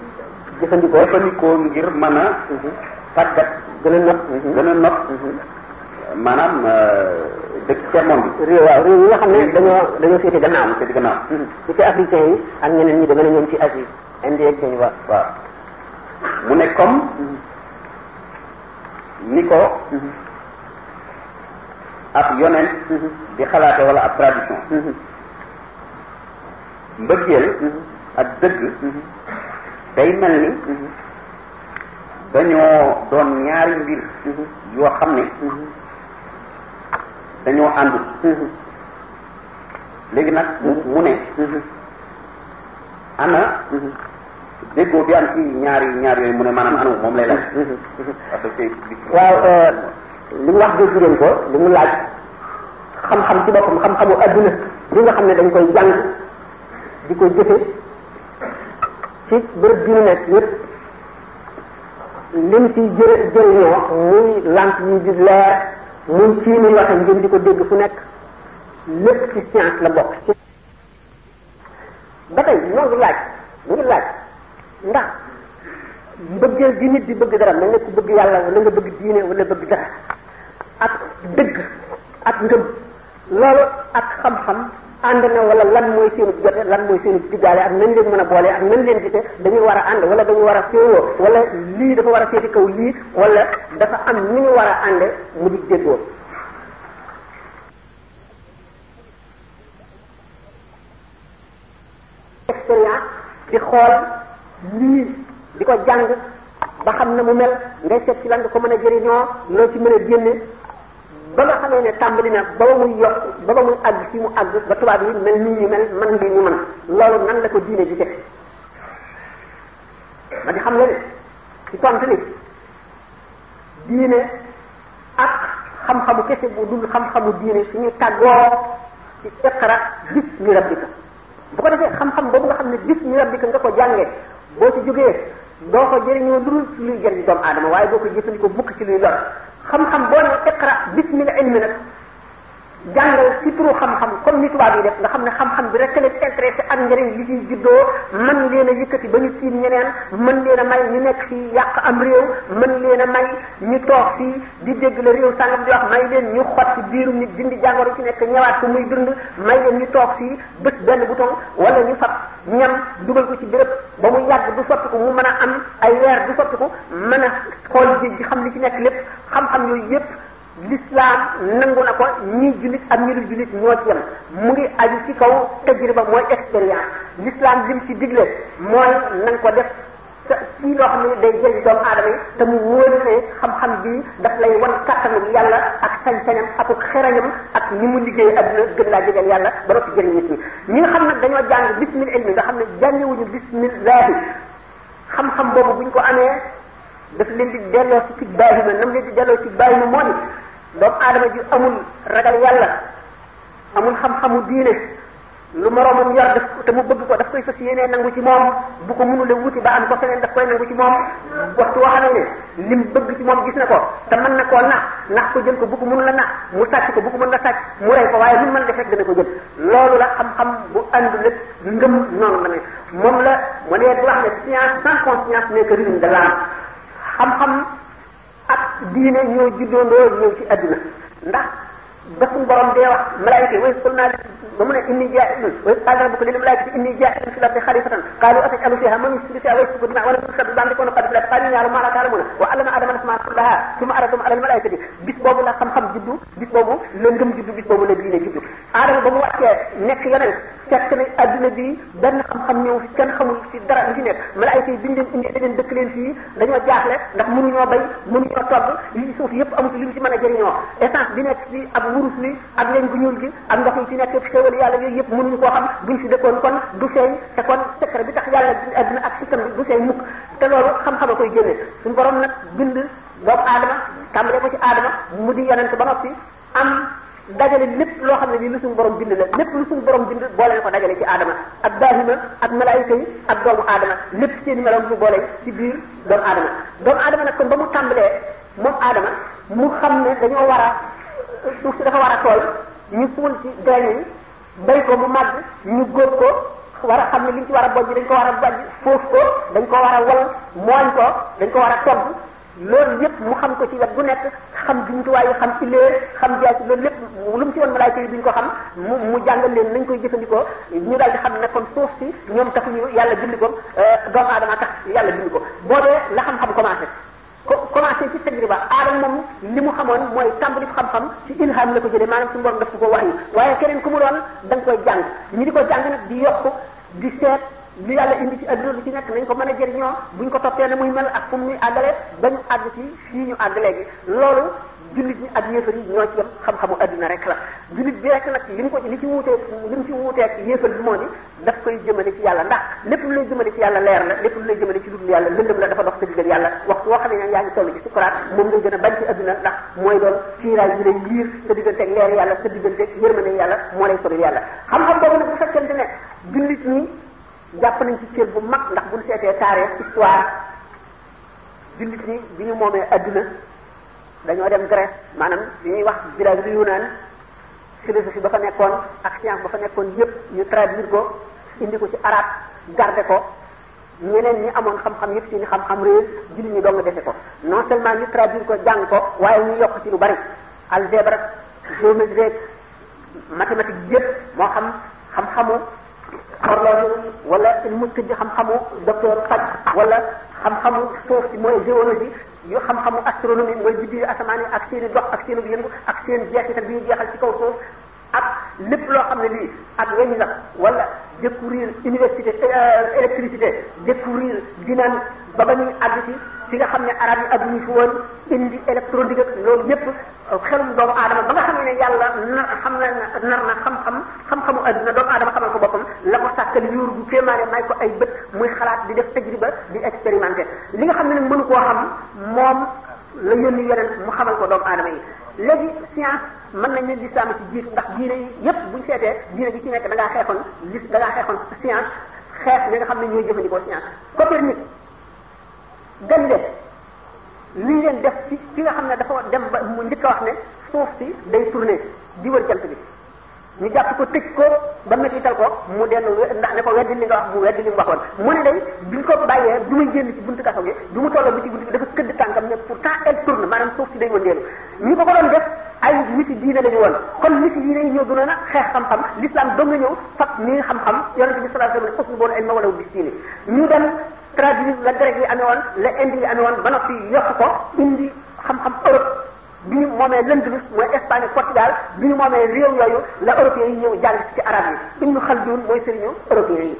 jëfandikoo jëfandikoo ngir man a mhm. tàggat gën a not mhm. gën a not mhm. maanaam euh, dëkk sermon bi réew waaw réew yi nga xam ne dañoo dañoo féete gannaaw féete gannaaw ci africain yi ak ñeneen ñi mu ne comme ni ab yonent di xalaate wala ab tradition mbëggeel ak dëgg day mel ni mhm. dañoo doon ñaari mbir mhm. yoo xam ne mhm. dañoo àndul léegi nag mu ne ana déggoo bi am ci ñaari ñaar yooyu mu ne maanaam anu moom lay laaj waaw euh, li mu wax dégg ko li mu laaj xam-xam ci boppam xam-xamu adduna li nga xam ne dañ koy jàng di koy jëfe ci bërëb bi ñu nekk yépp lim ciy jërë jëriñoo muy lamp yi di leer muy ci ni waxee ngeen di ko dégg fu nekk lépp ci science la bokk ci ba tey ñoo ngi laaj di bëgg dara mel bëgg yàlla wala nga bëgg diine wala bëgg dara ak dëgg ak ngëm loolu ak xam-xam ànd na wala lan mooy seenu jote lan mooy seenu diggaale ak nan leen mën a boole ak nan leen gise dañuy war a ànd wala dañu war a féewoo wala lii dafa war a seeti kaw wala dafa am ni ñu war a ànde mu di déggoo lii di ko jàng ba xam na mu mel ngay seet ci lan nga ko mën a jëriñoo loo ci mën génne ba nga xamee ne tàmbali na ba ba muy yokk ba muy àgg fi mu àgg ba tubaab yi mel nii ñu mel man li ñu mën loolu nan la ko diine ji teg ba di xam ne ci tontu ni diine ak xam-xamu kese bu dul xam-xamu diine suñu tàggoo ci iqra bismi rabbika bu ko defee xam-xam boobu nga xam ne bismi rabbika nga ko jàngee boo ci jógee doo ko jëriñoo lu dul luy jëriñ doomu aadama waaye boo ko jëfandikoo bukk ci luy lor xam-xam boo ne iqra bismil ilmi nag jàngal ci turu xam-xam comme ni tubaab yi def nga xam ne xam-xam bi rek leen intéressé ak njëriñ li ciy juddoo mën leen a yëkkati ba ñu tiim ñeneen mën leen a may ñu nekk fii yàq am réew mën leen a may ñu toog fii di dégg la réew sàngam di wax may leen ñu xot ci biirum nit dindi jàngoro ci nekk ñëwaat ko muy dund may leen ñu toog fii bés benn bouton wala ñu fab ñam dugal ko ci béréb ba mu yàgg du sotti ko mu mën a am ay weer du sotti ko mën a xool ji xam li ci nekk lépp xam-xam yooyu yépp l'islam nangu na ko ñii jullit ak ñi dul jullit ñoo ci yem mu ngi aju ci kaw tajriba mooy expérience l'islam lim ci digle mooy nañ ko def te ci loo xam ne day jëriñ doomu aadama yi te mu wóor ne xam-xam bi daf lay wan kattanu yàlla ak sañ-sañam ak xerañam ak ni mu liggéey adduna gën laa jegeel yàlla ba noppi jëriñ nit ñi ñi nga xam nag dañoo jàng bismil ilmi nga xam ne jàngewuñu bismil zaati xam-xam boobu ñu ko amee daf leen di delloo ci ci bàyyi ma nam leen di delloo ci bàyyi ma moo di doomu aadama ji amul ragal yàlla amul xam-xamu diine lu moroomam yor daf te mu bëgg ko daf koy fas yéenee nangu ci moom bu ko mënule wuti ba am ko feneen daf koy nangu ci moom waxtu woo xam ne lim bëgg ci moom gis na ko te mën na koo nax na ko jël ko bu ko mënula nax mu sàcc ko bu ko mën la sàcc mu rey ko waaye lu mën def rek dana ko jël loolu la xam-xam bu àndul ak ngëm noonu la ne moom la ne wax ne science sans conscience n'est xam-xam ak diine ñoo juddoo ndoo ñëw ci adduna ndax ba suñu borom dee wax malaayika way qul naa ba mu ne inni jaa'ilun way qaal rabbuka lil malaayikati inni jaa'ilun fil ardi xalifatan qaalu ataj'alu fiha man yufsidu fiha wa yasfiku dimaa wa nahnu nusabbihu bihamdika wa nuqaddisu laka qaalu naaru maa laa ta'lamuuna wa 'allama aadama al-asmaa'a kullahaa thumma aradahum 'ala al-malaa'ikati bis boobu la xam-xam juddu bis boobu la ngëm juddu bis boobu la diine juddu aadama ba mu wàccee nekk yonent fekk ne adduna bi benn xam-xam ñëw fi kenn xamul dara bi fi nekk malaayka yi biñ leen indee da leen dëkk leen fii suuf yëpp amut li ñu ci mën a jëriñoo essence bi nekk fii ak wurus bi ak leen bu ñuul gi ak ndox yi ci nekk fi xéwal yàlla yooyu yëpp mënuñu koo xam buñ fi dëkkoon kon du feeñ te kon secret bi tax yàlla adduna ak système bi du feeñ mukk te loolu xam-xama koy génne suñu borom nag bind boobu aadama tàmbalee ko ci aadama mu di yonent ba noppi am dajale lépp loo xam ne nii lu suñu borom bind la lépp lu suñu borom bind boole na ko dajale ci aadama ak daahima ak malaayika yi ak doomu aadama lépp seen i meloom mu boole ci biir doomu aadama doomu aadama nag kon ba mu tàmbalee moom aadama mu xam ne dañoo war a suuf si dafa war a tool ñu suul ci gañ yi bay ko mu màgg ñu góob ko war a xam ne liñ ci war a bojj dañ ko war a bojj foofu ko dañ ko war a wal mooñ ko dañ ko war a togg loolu yépp mu xam ko ci wet gu nekk xam jumtuwaay yi xam illee xam jaay ci loolu lépp lu mu ci woon ko xam mu mu leen nañ koy jëfandikoo ñu xam ne suuf si ñoom taxuñu yàlla bind ko euh, doomu aadama tax yàlla bind ko boobee la xam-xam commencé ko commencé ci tajriba aadama moom li mu xamoon mooy tàmbali xam-xam ci ilham la ko jëlee maanaam suñu borom daf ko ko wax waaye keneen ku mu doon da nga koy jàng ñu di ko jàng di yokk di seet li yàlla indi ci adduna lu ci nekk nañ ko mën a jëriñoo buñ ko toppee ne muy mel ak fu mu àggale ba ñu àgg ci fii ñu àgg loolu jullit ñi ak yéefar yi ñoo ci yem xam-xamu adduna rek la jullit bi rek nag li ko li ci wuutee li mu ci wuutee yàlla ndax la lépp lu lay jëmale ci dugg la dafa dox sa diggal yàlla waxtu woo xam ne yaa ngi toll ci sukuraat moom a jullit ñi jàpp nañ ci cër bu mag ndax buñ seetee taarix histoire jullit ni bi ñu moomee adduna dañoo dem Grèce maanaam li ñuy wax village yu Yunaan philosophie ba fa nekkoon ak science ba fa nekkoon yëpp ñu traduire ko indi ko ci arab garder ko ñeneen ñi amoon xam-xam yépp seeni xam-xam réer jullit ñi dong defe ko non seulement ñu traduire ko jàng ko waaye ñu yokk ci lu bari algèbre géométrie mathématique yépp moo xam xam-xamu horloge wala ilmu tëj xam-xamu docteur faj wala xam-xamu suuf si mooy géologie yu xam-xamu astronomie mooy biddi yu asamaan yi ak seen i dox ak seen i yëngu ak seen jeexital bi ñu jeexal ci kaw suuf ak lépp loo xam ne lii ak weñ la wala découvrir université euh, électricité découvrir dynamique ba ba ñuy àgg ci bi nga xam ne arab yi abuñu fi woon indi électronique ak loolu yépp xelum doomu aadama ba nga xam ne na xam na nar na xam-xam xam-xamu adduna doomu aadama ko boppam la ko sàkkal yuur bu kéemaane may ko ay bët muy xalaat di def tajriba di expérimenter li nga xam ne nag mënu koo xam moom la yónni yeneen mu xamal ko doomu aadama yi léegi science man nañ ne lislaam ci jiitu ndax diine yi yépp buñ seetee diine ji ci nekk da ngaa xeexoon da ngaa science xeex li nga xam ne ñooy jëfandikoo science Copernic dem leen li ñu leen def ci fi nga xam ne dafa dem ba mu njëkk a wax ne suuf si day tourner di wër jant bi ñu jàpp ko tëj ko ba mettital ko mu dellu ndax ne ko weddi li nga wax mu weddi li mu waxoon mu ne day duñ ko bàyyee du muy génn ci buntu kaso gi du mu tolloo bi ci buntu bi dafa këdd tànkam ne pourtant elle tourne maanaam suuf si day wëndeelu ñi ko ko doon def ay nit yi diine lañu woon kon nit yi diine yi ñoo gënoon a xeex xam-xam l'islam dong nga ñëw fab xam-xam yonente bi sallallahu alayhi wasallam usbul ilma traduire la grec yi amee la indi yi amee woon ba noppi yokk ko indi xam-xam Europe bi ñu moomee l'Andalus mooy Espagne Portugal bi ñu moomee réew yooyu la européens yi ñëw jàng ci arab yi Ibn Khaldun mooy sëriñu européens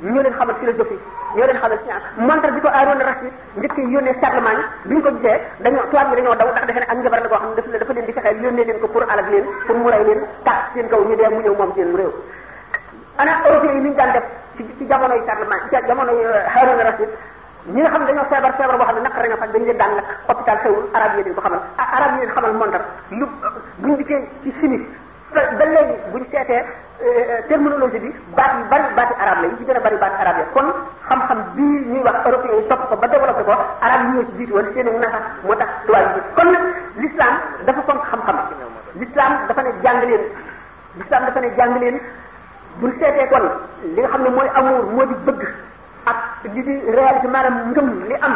yi ñoo leen xamal philosophie ñoo leen xamal science montre bi ko Aaroon Rachid njëkk yónnee Charlemagne bi ñu ko gisee dañoo tubaab yi dañoo daw ndax defe dafa leen di fexe yónnee leen ko pour alak leen pour mu rey leen tax seen kaw ñu dee mu ñëw ana européens yi ni ñu daan def ci ci jamonoy Charlemagne jamonoy euh, Harun Rashid ñi nga xam ne dañoo feebar feebar boo xam ne naqare nga faj dañu leen daan lakk hôpital xewul arab yi leen ko xamal ah arab yi leen xamal montar lu ba euh, bari baati arab la yi ci a bari kon xam-xam bii ñuy wax ko ba développé ko arab yi ñoo ci jiitu woon seen i naxa moo tax tubaab bi kon nag dafa fonk xam-xam l'islam dafa ne jàng leen l'islam dafa ne jàng leen bu seetee kon li nga xam ne mooy amour moo di bëgg ak li di réalité maanaam ngëm li am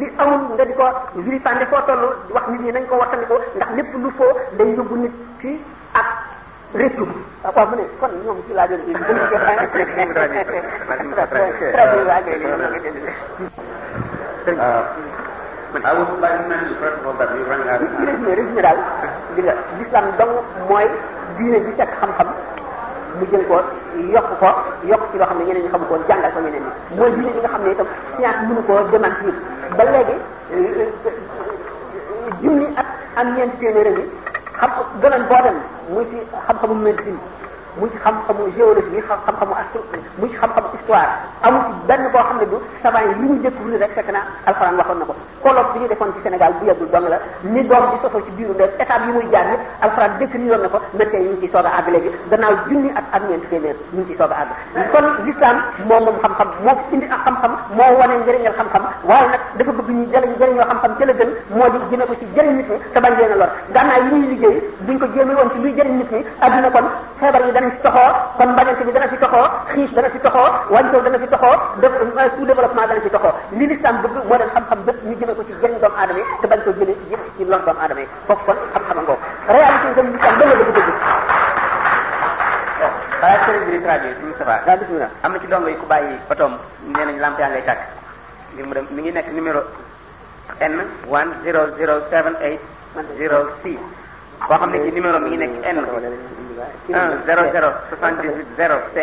li amul nga di ko vilipande foo toll wax nit ñi nañ ko wattandikoo ndax lépp lu foo day yóbbu nit ci ak réccu waaw mu ne kon ñoom ci laa doon ji bu ñu def résumé daal li nga l'islam dong mooy diine ji teg xam-xam mu jël ko yokk ko yokk ci loo xam ne ñeneen ñi xamu ko jàngal ko ñeneen ñi mooy diine bi nga xam ne itam science mënu koo démentir ba léegi junni at am ñeenti téeméer yi xam gënoon boo dem muy ci xam-xamu médecine muy xam-xamu géologie xam-xamu astronomie xam-xamu histoire benn boo xam ne du savant yi li ñu découvrir rek fekk na alxuraan waxoon na ko colloque bi ci Sénégal bu yàggul dong la ni doom di sosoo ci ko médecins yi ñu ngi a a àgg kon l'islam moom xam-xam moo fi moo di gëna ko ci jëriñ nit ñi te leen a lor gannaaw yi ñuy liggéey duñ ko jéeme woon ci luy jëriñ nit adduna kon feebar yi dana ci toxoo kon mbañante bi dana ci toxoo xiif dana ci toxoo wàññoo dana ci toxoo def euh, sous développement dana ci toxoo li lislam bëgg moo leen xam-xam bëgg ñu jëme ko ci jëriñ doomu aadama yi te bañ ko jële jëm ci lor doomu aadama yi foofu kon xam-xam a ngoog réalité yi dem lislam loolu la bëgg dëgg am na ci dongo yi ku bàyyi otoom nee nañ lampe yaa mu dem mi ngi nekk numéro n one zero zero seven eight zero six boo xam ne ci numéro mi ngi nekk N bi 1 0 0 78 0 C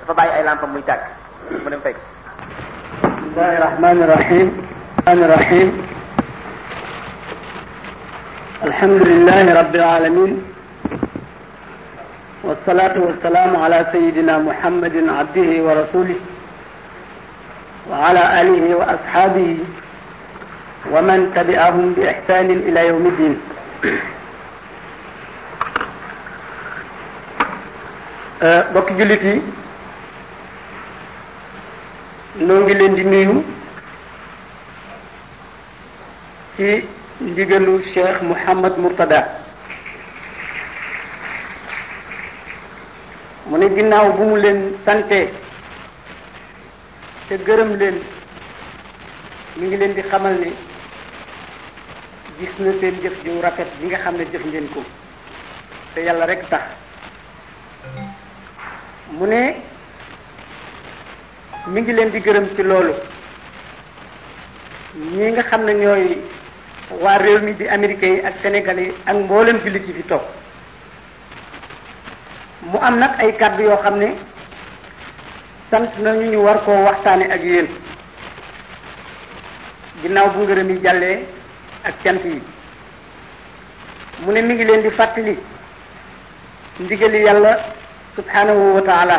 dafa bàyyi ay lampam muy tàkk mu dem fekk. bismillahi rahmani rahim rahmani rahim alhamdulillahi rabbil alamin wasalaatu wasalaamu ala sayidina muhammadin abdihi wa rasulih wa ala alihi wa asxaabihi wa man tabi'ahum bi ixsanin ila yawmi din Euh, bokki jullit yi noo ngi leen di nuyu ci ndigalu Cheikh Mouhamad Mourtada mu ne ginnaaw bu mu leen sante te gërëm leen mu ngi leen di xamal ne gis na seen jëf ju rafet ji nga xam ne jëf ngeen ko te yàlla rek tax mu ne mu ngi leen di gërëm ci loolu ñi nga xam ne ñooy waa réew mi di américains yi ak sénégalais yi ak mboolem jullit yi fi toog mu am nag ay kàddu yoo xam ne sant na ñu war koo waxtaane ak yéen ginnaaw bu ngërëm yi jàllee ak cant yi mu ne mi ngi leen di fàttali ndigali yàlla subhanahu wa taala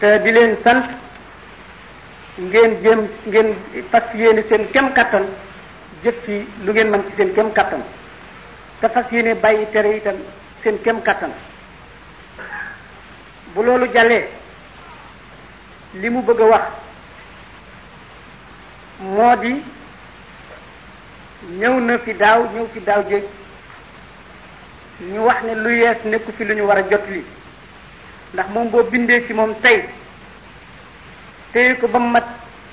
te di leen sant ngeen jéem ngeen fas yéene seen kem kattan jëf fi lu ngeen mën ci seen kem kattan te fas yéene bàyyi tere itam seen kem kattan bu loolu jàllee li mu bëgg a wax moo di ñëw na fi daaw ñëw fi daaw jéeg ñu wax ne lu yees nekku fi lu ñu war a jot li ndax moom boo bindee ci moom tey téye ko ba mu mat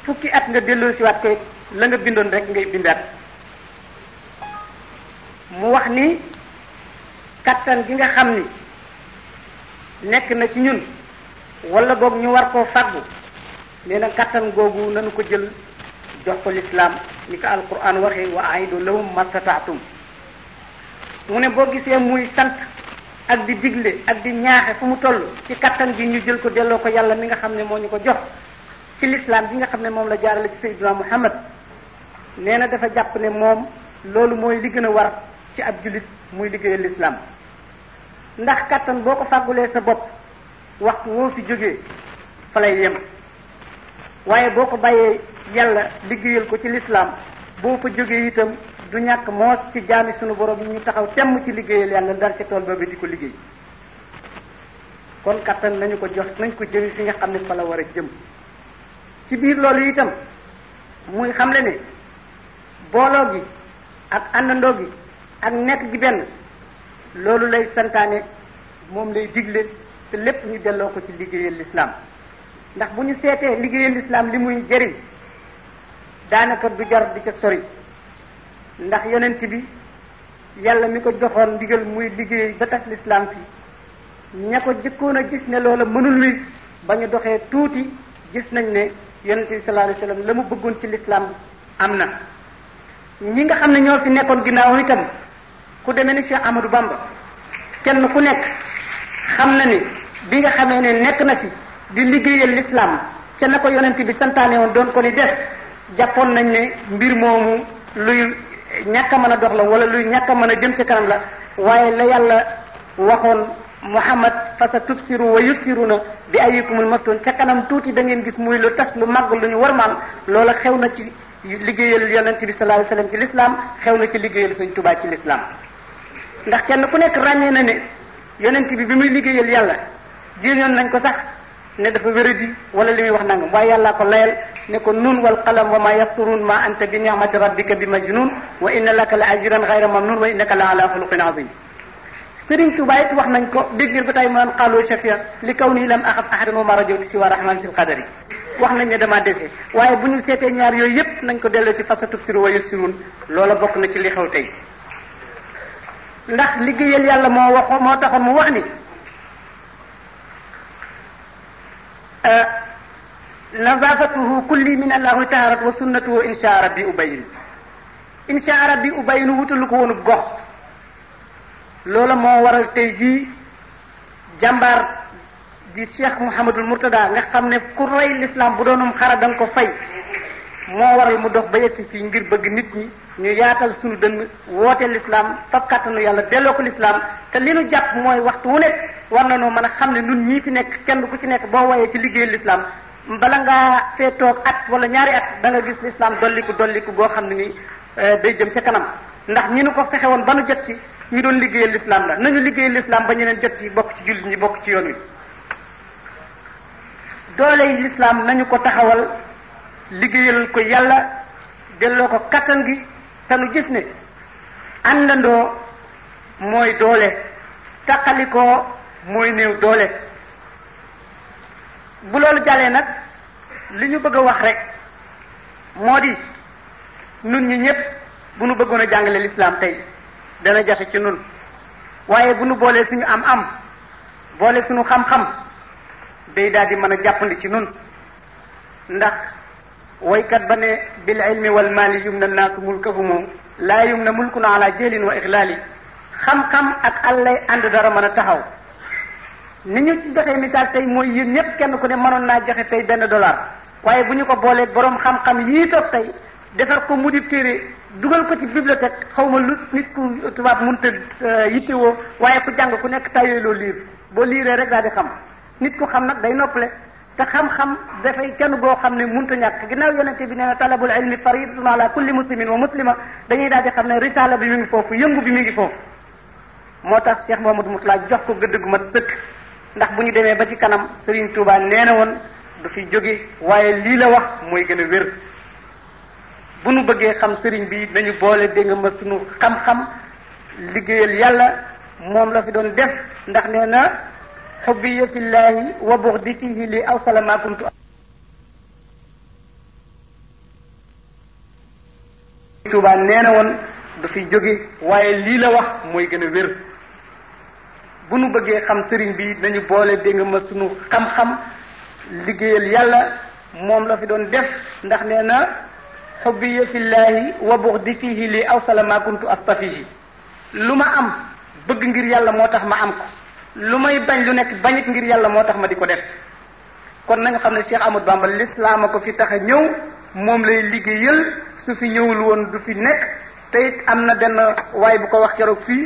fukki at nga delloo si waat ko la nga bindoon rek ngay bindaat mu wax ni kattan gi nga xam ni nekk na ci ñun wala boog ñu war koo fàggu nee na kattan googu nanu ko jël jox ko lislaam ni ko al alquran waxee wa aidu lahum mastataatum mu ne boo gisee muy sant ak di digle ak di ñaaxe fu mu toll ci kattan gi ñu jël ko delloo ko yàlla mi nga xam ne moo ñu ko jox ci lislaam bi nga xam ne moom la jaarale ci sayyidina Muhammad nee na dafa jàpp ne moom loolu mooy li gën a war ci ab jullit muy liggéeyal lislaam ndax kattan boo ko fàggulee sa bopp waxtu woo fi jógee fa lay yem waaye boo ko bàyyee yàlla liggéeyal ko ci lislaam boo fa jógee itam du ñàkk moos ci jaami sunu borom yi ñu taxaw temm ci liggéeyal yàlla ndar ci tool boobu di ko liggéey kon kàttan nañu ko jox nañ ko jëmi fi nga xam ne fa la war a jëm ci biir loolu itam muy xam xamle ne booloo gi ak àndandoo gi ak nekk gi benn loolu lay santaane moom lay digle te lépp ñu delloo ko ci liggéeyal lislaam ndax bu ñu seetee liggéeyal lislaam li muy jëriñ daanaka du jar di ca sori ndax yonent bi yàlla mi ko joxoon ndigal muy liggéey ba tas lislaam fi ña ko jëkkoon a gis ne loola mënul wi ba ñu doxee tuuti gis nañ ne yonent bi sallallahu la mu bëggoon ci lislaam am na ñi nga xam ne ñoo fi nekkoon ginnaaw itam ku demee ni Cheikh Amadou Bamba kenn ku nekk xam na ni bi nga xamee ne nekk na fi di liggéeyal lislaam ca na ko yonent bi santaane woon doon ko ni def jàppoon nañ ne mbir moomu luy ñàkk a mën a dox la wala luy ñàkk a mën a jëm ci kanam la waaye la yàlla waxoon Muhammad fa sa tubsiru wa na bi ayyukumul maftun ca kanam tuuti da ngeen gis muy lu tas lu màgg lu ñu warmaal loola xew na ci liggéeyal yonent bi sa alayhi wasallam ci lislaam xew na ci liggéeyal Sëñ Tuubaa ci lislaam ndax kenn ku nekk ràññee na ne yonent bi bi muy liggéeyal yàlla yoon nañ ko sax ne dafa wéradi wala li muy wax nangam waaye yàllaa ko layal ne ko nun wal qalam wa ma yasturun ma anta bi ni'mati rabbika bi majnun wa inna laka la ajran ghayra mamnun wa innaka la ala xuluqin azim Sëriñ Tuubaa it wax nañ ko dégg ba tey man xaaloo shafia li kaw nii lam axaf ahadan wa ma rajawtu siwa rahman fil qadari wax nañ ne dama dese waaye bu ñu seetee ñaar yooyu yépp nañ ko delloo ci fasatub siru wa yusirun loola bokk na ci li xew tey ndax liggéeyal yàlla moo waxo moo taxoon mu wax ni euh, nazafatuhu kulli min allahu taharat wa sunnatuhu insha rabbi ubayin insha rabbi ubayin wutalu ko woonub gox loola moo waral tey jii jàmbaar di cheikh mouhamadul murtada nga xam ne ku rey l'islam bu doonum xara da nga ko fay moo waral mu dox ba yegsi fii ngir bëgg nit ñi ñu yaatal suñu dënn woote l'islam fab kàttanu yàlla delloo ko l'islam te li nu jàpp mooy waxtu wu nekk war na noo mën a xam ne nun ñii fi nekk kenn ku ci nekk boo woyee ci liggéey l'islam bala ngaa fee toog at wala ñaari at da nga gis lislaam dolliku dolliku goo xam ne ni eh, day jëm ca kanam ndax ñi nu ko fexe woon ba nu jot ci ñu doon liggéeyal lislaam la nañu liggéeyal lislaam ba ñeneen jot ci bokk ci jullit ñi bokk ci yoon wi doole yi lislaam nañu ko taxawal liggéeyal ko yàlla delloo ko kattan gi te nu gis ne àndandoo mooy doole taqalikoo mooy néew doole bu loolu jàllee nag li ñu bëgg a wax rek moo di nun ñi ñëpp bu nu bëggoon a jàngale lislaam tey dana jafe ci nun waaye bu nu boolee suñu am am boole suñu xam-xam day daal di mën a jàppandi ci nun ndax waykat ba ne bil ilmi wal maali yum na naasu mulkahumu laa yum na mulkun ala jëlin wa ixlaali xam-xam ak àllay ànd dara mën a taxaw ni ñu ci joxee misaal tey mooy yéen ñëpp kenn ku ne mënoon naa joxe tey benn dollar waaye bu ñu ko boolee boroom xam-xam yii toog tey defar ko mu di téere dugal ko ci bibliothèque xawma lu nit ku tubaab mënta euh, yittewoo waaye ku jàng ku nekk tayooy loo liir boo liiree rek daal di xam nit ku xam nag day noppale te xam-xam dafay kenn goo xam ne mënta ñàkk ginnaaw yonente bi nee na talabul ilmi faridatun ala kulli muslimin wa muslima dañuy daal di ne risala bi mi ngi foofu yëngu ngi foofu moo tax Cheikh Mouhamadou Moutalla jox ko gëdd gu mat ndax bu ñu demee ba ci kanam Serigne Touba nee na woon du fi jóge waaye lii la wax mooy gën a wér bu nu bëggee xam sëriñ bi nañu boole dégg nga ma sunu xam-xam liggéeyal yàlla moom la fi doon def ndax nee na xubbiya fillaahi wa buxdi fihi li awsala ma kuntu Touba nee na woon du fi jóge waaye lii la wax mooy gën a wér bu nu bëggee xam sëriñ bi nañu boole dégg ma sunu xam-xam liggéeyal yàlla moom la fi doon def ndax nee na xubbiya fillahi wa buxdi fihi li awsala ma kuntu astafihi lu ma am bëgg ngir yàlla moo tax ma am ko lu may bañ lu nekk bañit ngir yàlla moo tax ma di ko def kon nañu xam ne Cheikh Ahmadou Bamba lislaam a ko fi tax ñëw moom lay liggéeyal su fi ñëwul woon du fi nekk te am na benn waaye bu ko wax keroog fii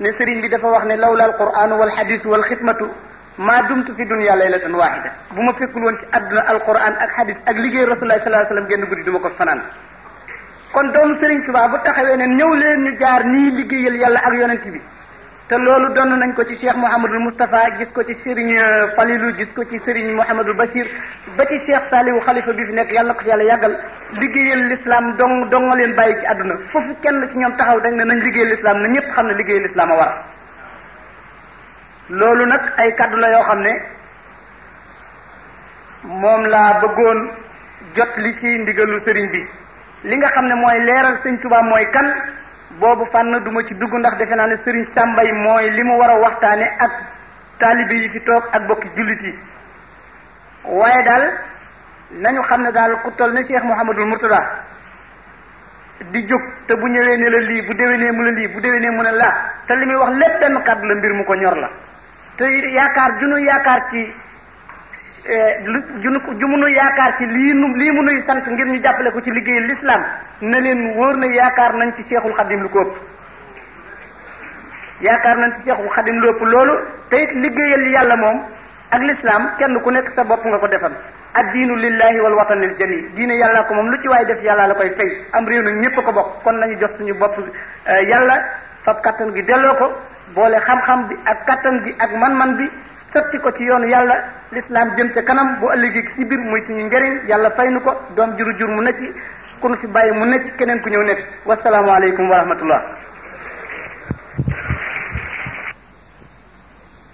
ne sëriñ bi dafa wax ne lawla al qur'anu wal xadisu wal xidmatu maa dumtu fi dunya laylatan waahida bu ma fekkul woon ci àdduna al qur'an ak xadis ak liggéey rasulullahi sallallahu genn wasallam génn guddi du ma ko fanaan kon doomu sëriñ Tuubaa bu taxawee ne ñëw leen ñu jaar nii liggéeyal yàlla ak yonent bi te loolu donn nañ ko ci Cheikh Mouhamadul Moustapha gis ko ci Serigne euh, Falilou gis ko ci Serigne Mouhamadul Bachir ba ci Cheikh Saliou xalifa bi fi nekk yàlla ko fi yàlla yàggal liggéeyal l'islam dong dong leen bàyyi ci àdduna foofu kenn ci ñoom taxaw dañ ne nañ liggéeyal l'islam na ñëpp xam ne liggéeyal l'islam a war loolu nag ay kàddu la yoo xam ne moom laa bëggoon jot li ci ndigalu sëriñ bi li nga xam ne mooy leeral sëñ Tuubaa mooy kan boobu fànn duma ci dugg ndax defe naa ne Serigne Samba yi mooy li mu war a waxtaane ak taalibe yi fi toog ak bokki jullit yi waaye daal nañu xam ne daal ku toll ne Cheikh Mouhamadul Mourtada di jóg te bu ñëwee ne la lii bu déwénee mu ne lii bu déwénee mu ne laa te li muy wax lépp benn kàddu la mbir mu ko ñor la te yaakaar junu yaakaar ci Eh, lu ju mu nu yaakaar ci lii nu lii mu nuy sant ngir ñu jàppale ko ci liggéey l'islam ne leen wóor na yaakaar nañ ci Cheikhul Khadim lu ko ëpp yaakaar nañ ci Cheikhul Khadim lu ëpp loolu te it liggéeyal yàlla moom ak l'islam kenn ku nekk sa bopp nga ko defal ak diinu lillahi wal watanil jami diine yàlla ko moom lu ci waay def yàlla la koy fay am réew nag ñépp ko bokk kon nañu jox suñu bopp eh, yàlla fab kàttan gi delloo ko boole xam-xam bi ak kattan gi ak man-man bi sotti ko ci yoonu yàlla l'islam jëm ca kanam bu ëllëgee ci biir muy suñu njëriñ yàlla fay nu ko doom juru jur mu ne ci ku fi bàyyi mu ne ci keneen ku ñëw nekk wasalaamaaleykum wa rahmatullah.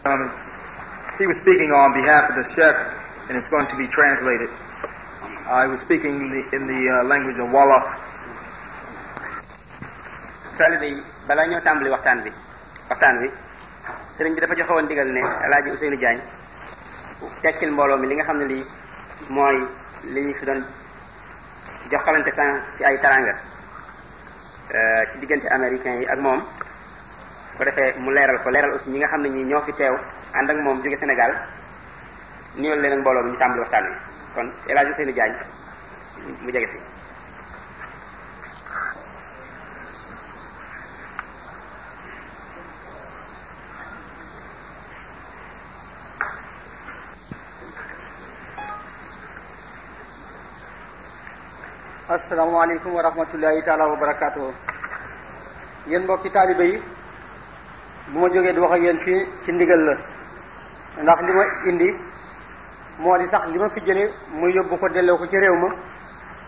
Um, he was speaking on behalf of the Sheikh and it's was speaking in the, uh, language of Wolof. taalibe balaa ñoo tàmbali waxtaan bi waxtaan bi sëriñ bi dafa joxe woon digal ne El Hadj Ousseynou tekkil mbooloo mi li nga xam ne lii mooy li ñu fi doon joxalante sànq ci ay taranga euh, ci diggante américains yi ak moom su ko defee mu leeral ko leeral aussi ñi nga xam ne ñi ñoo fi teew ànd ak moom jóge Sénégal nuyoo leen ak mbooloo mi ñu tàmbali waxtaan wi kon El seeni Ousseynou mu jege si. asalaamaaleykum wa rahmatullahi taala wa barakaatu. yéen ci taalibe yi bu ma jógee di wax a yéen fii ci ndigal la ndax li ma indi moo di sax li ma fi jële mu yóbbu ko delloo ko ci réew ma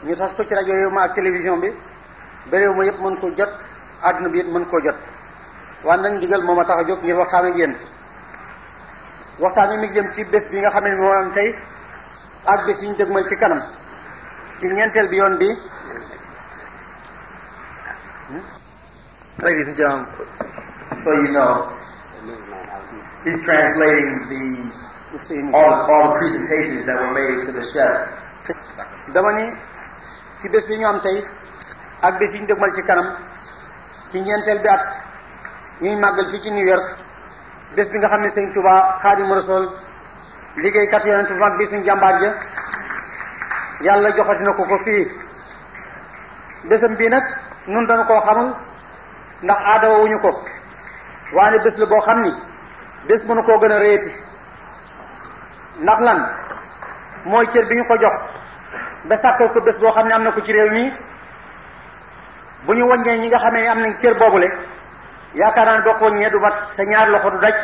ñu tas ko ci rajo réew ma ak télévision bi ba réew ma yépp mën koo jot àdduna bi yépp mën koo jot waaye nañ ndigal moo ma tax a jóg ngir waxtaan ak yéen waxtaan mi ngi jëm ci bés bi nga xam ne moo am tey ak bés yi ñu dëgmal ci kanam ci ñeenteel bi yoon bi Ladies translating the presentations that were made to the chef. dama ni ci bés bi ñu am tey ak bés yi ñu ci kanam ci ñeenteel bi at ñuy màggal fii ci New York bés bi nga xam ne Sëñ Tuubaa Xaadimu Rasuul liggéeykat yonent bi mag jàmbaar ja yàlla joxati na ko ko fii bésam bii nag nun dañu koo xamul ndax aadawuñu ko waane bés la boo xam ni bés mënu koo gën a réeti ndax lan mooy cër bi ñu ko jox ba sàkkal ko bés boo xam ne am na ko ci réew mi bu ñu waññee ñi nga xamee ne am nañ cër boobule yaakaar naa ne boo ko waññee du mat sa ñaar loxo du daj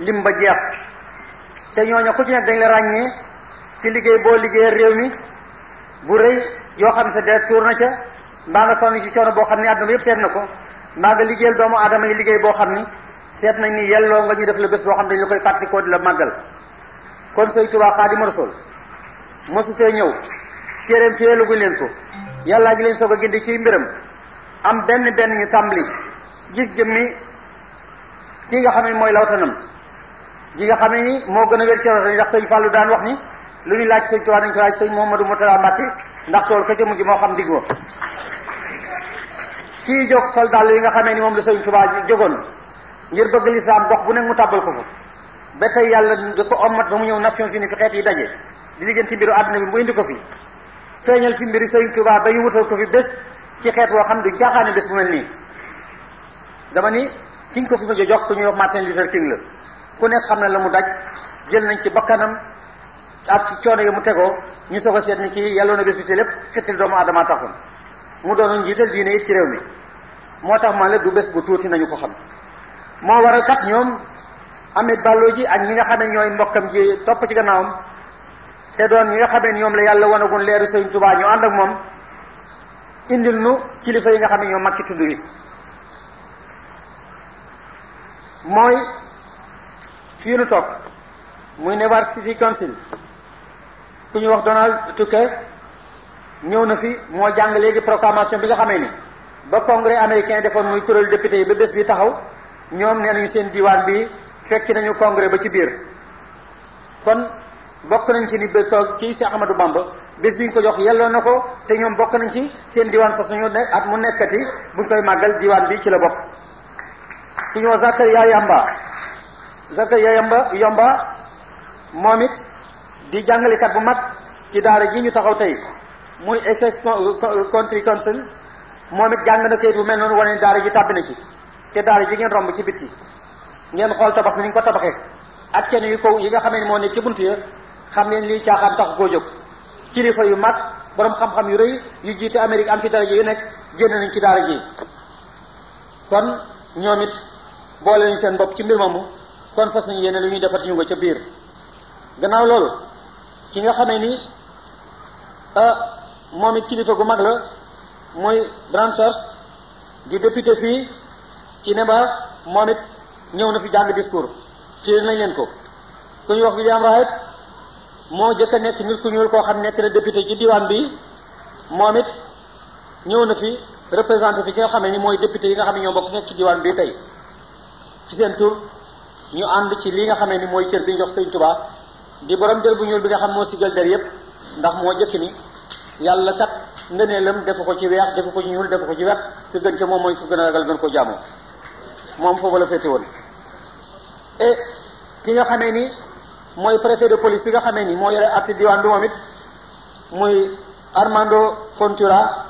lim ba jeex te ñooñu ku ci nekk dañ la ràññee ci liggéey boo liggéeyee réew mi bu rëy yoo xam ne sa deret tuur na ca mbaa nga sonn ci coono boo xam ne àdduna yëpp seet na ko mbaa nga liggéeyal doomu aadama yi liggéey boo xam ni seet na ni yelloo nga ñu def la bés boo xam ne dañ la koy fàttikoo di la màggal kon sëñ Tuubaa Xaadimu Rasuul mosu fee ñëw téeréem téyeluguñ leen ko yàllaa gi leen soo a gindi ciy mbiram am benn benn ñu tàmbali gis jëmmi kii nga xam ne mooy lawtanam gi nga xam ne ni moo gën a wér ci ndax sëñ Fallou daan wax ni lu ñu laaj sëñ Tuubaa nañ ko laaj sëñ Mouhamadou Moutara Mbacke ndax tool ka ca mujj moo xam diggoo kii jóg sol dàll yi nga xamee ni moom la sëñ Tuubaa jógoon ngir bëgg lislaam gox bu nekk mu tàbbal ko fa ba tey yàlla nga ko ommat ba mu ñëw Nations Unies fi xeet yi daje di lijjanti mbiru àdduna bi mu indi ko fi feeñal fi mbiri sëñ Tuubaa ba ñu wutal ko fi bés ci xeet woo xam du jaaxaane bés bu mel nii dama ni kiñ ko fi mujj jox ku ñuy wax Martin Luther King la ku nekk xam na la mu daj jël nañ ci bakkanam ak ci coono yi mu tegoo ñu soog a seet ni kii yàlla na bés bi ci lépp xettil doomu aadama taxoon mu doonoon njiital diine it ci réew mi moo tax man la du bés bu tuuti nañu ko xam moo war waral kat ñoom amit bàlloo ji ak ñi nga xam ne ñooy mbokkam ji topp ci gannaawam te doon ñi nga xamee ñoom la yàlla wanagun leeru Sëriñ Tuubaa ñu ànd ak moom indil nu kilifa yi nga xam ne ñoom mag ci tudd wi mooy fii nu toog muy University Council ku ñu wax Donald Tucker ñëw na fi moo jàng léegi proclamation bi nga xamee ni ba congrès américain defoon muy kuréelu député yi ba bés bi taxaw ñoom nee nañu seen diwaan bi fekk nañu congrès ba ci biir kon bokk nañ ci ni ba toog kii si Ahmadou Bamba bés bi ñu ko jox yelloo na ko te ñoom bokk nañ ci seen diwaan fa suñu ne at mu nekkati buñ koy màggal diwaan bi ci la bokk suñu wax Zakaria Yamba Zakaria Yamba Yomba moom it di jàngalekat bu mag ci daara ji ñu taxaw tey muy SS country council moom it jàng na kayit bu mel noonu wane daara ji tàbbi na ci te daara ji ngeen romb ci bitti ngeen xool tabax bi ni ñu ko tabaxee ak kenn yu ko yi nga xamee ne moo nekk ci bunt ya xam leen lii caaxaan tax koo jóg kilifa yu mag boroom xam-xam yu rëy yu jiite Amérique am ci daara ji yu nekk génn nañ ci daara ji kon ñoom it boole nañ seen bopp ci mbir moomu kon fas nañu yenn lu ñuy defar suñu ko ca biir gannaaw ki nga xamee ni ah, moom it kilifa gu mag la muy Branchers di député fii ci Nemba moom it ñëw na fi jàng discours ci nañ leen ko ku ñu wax William Wright moo jëkk a nekk nit ku ñuul koo xam nekk na député diwaan bi moom it ñëw na fi représenté fi ki nga xam ne ni mooy député yi nga xam ne ñoo bokk nekk ci diwaan bi tey ci seen tur ñu ànd ci li nga xamee ni mooy cër bi ñu jox Sëriñ di borom der bu ñuul bi nga xam moo sigal der yépp ndax moo jëkk ni yàlla kat ngëneelam def ko ci weex defu ko ci ñuul def ko ci wet ki gën ca moom mooy ku gën a ragal gën moom foofu la féete woon ki nga xamee ni mooy préfet de police bi nga xamee ni moo yore arti diwaan bi moom it muy Armando Fontura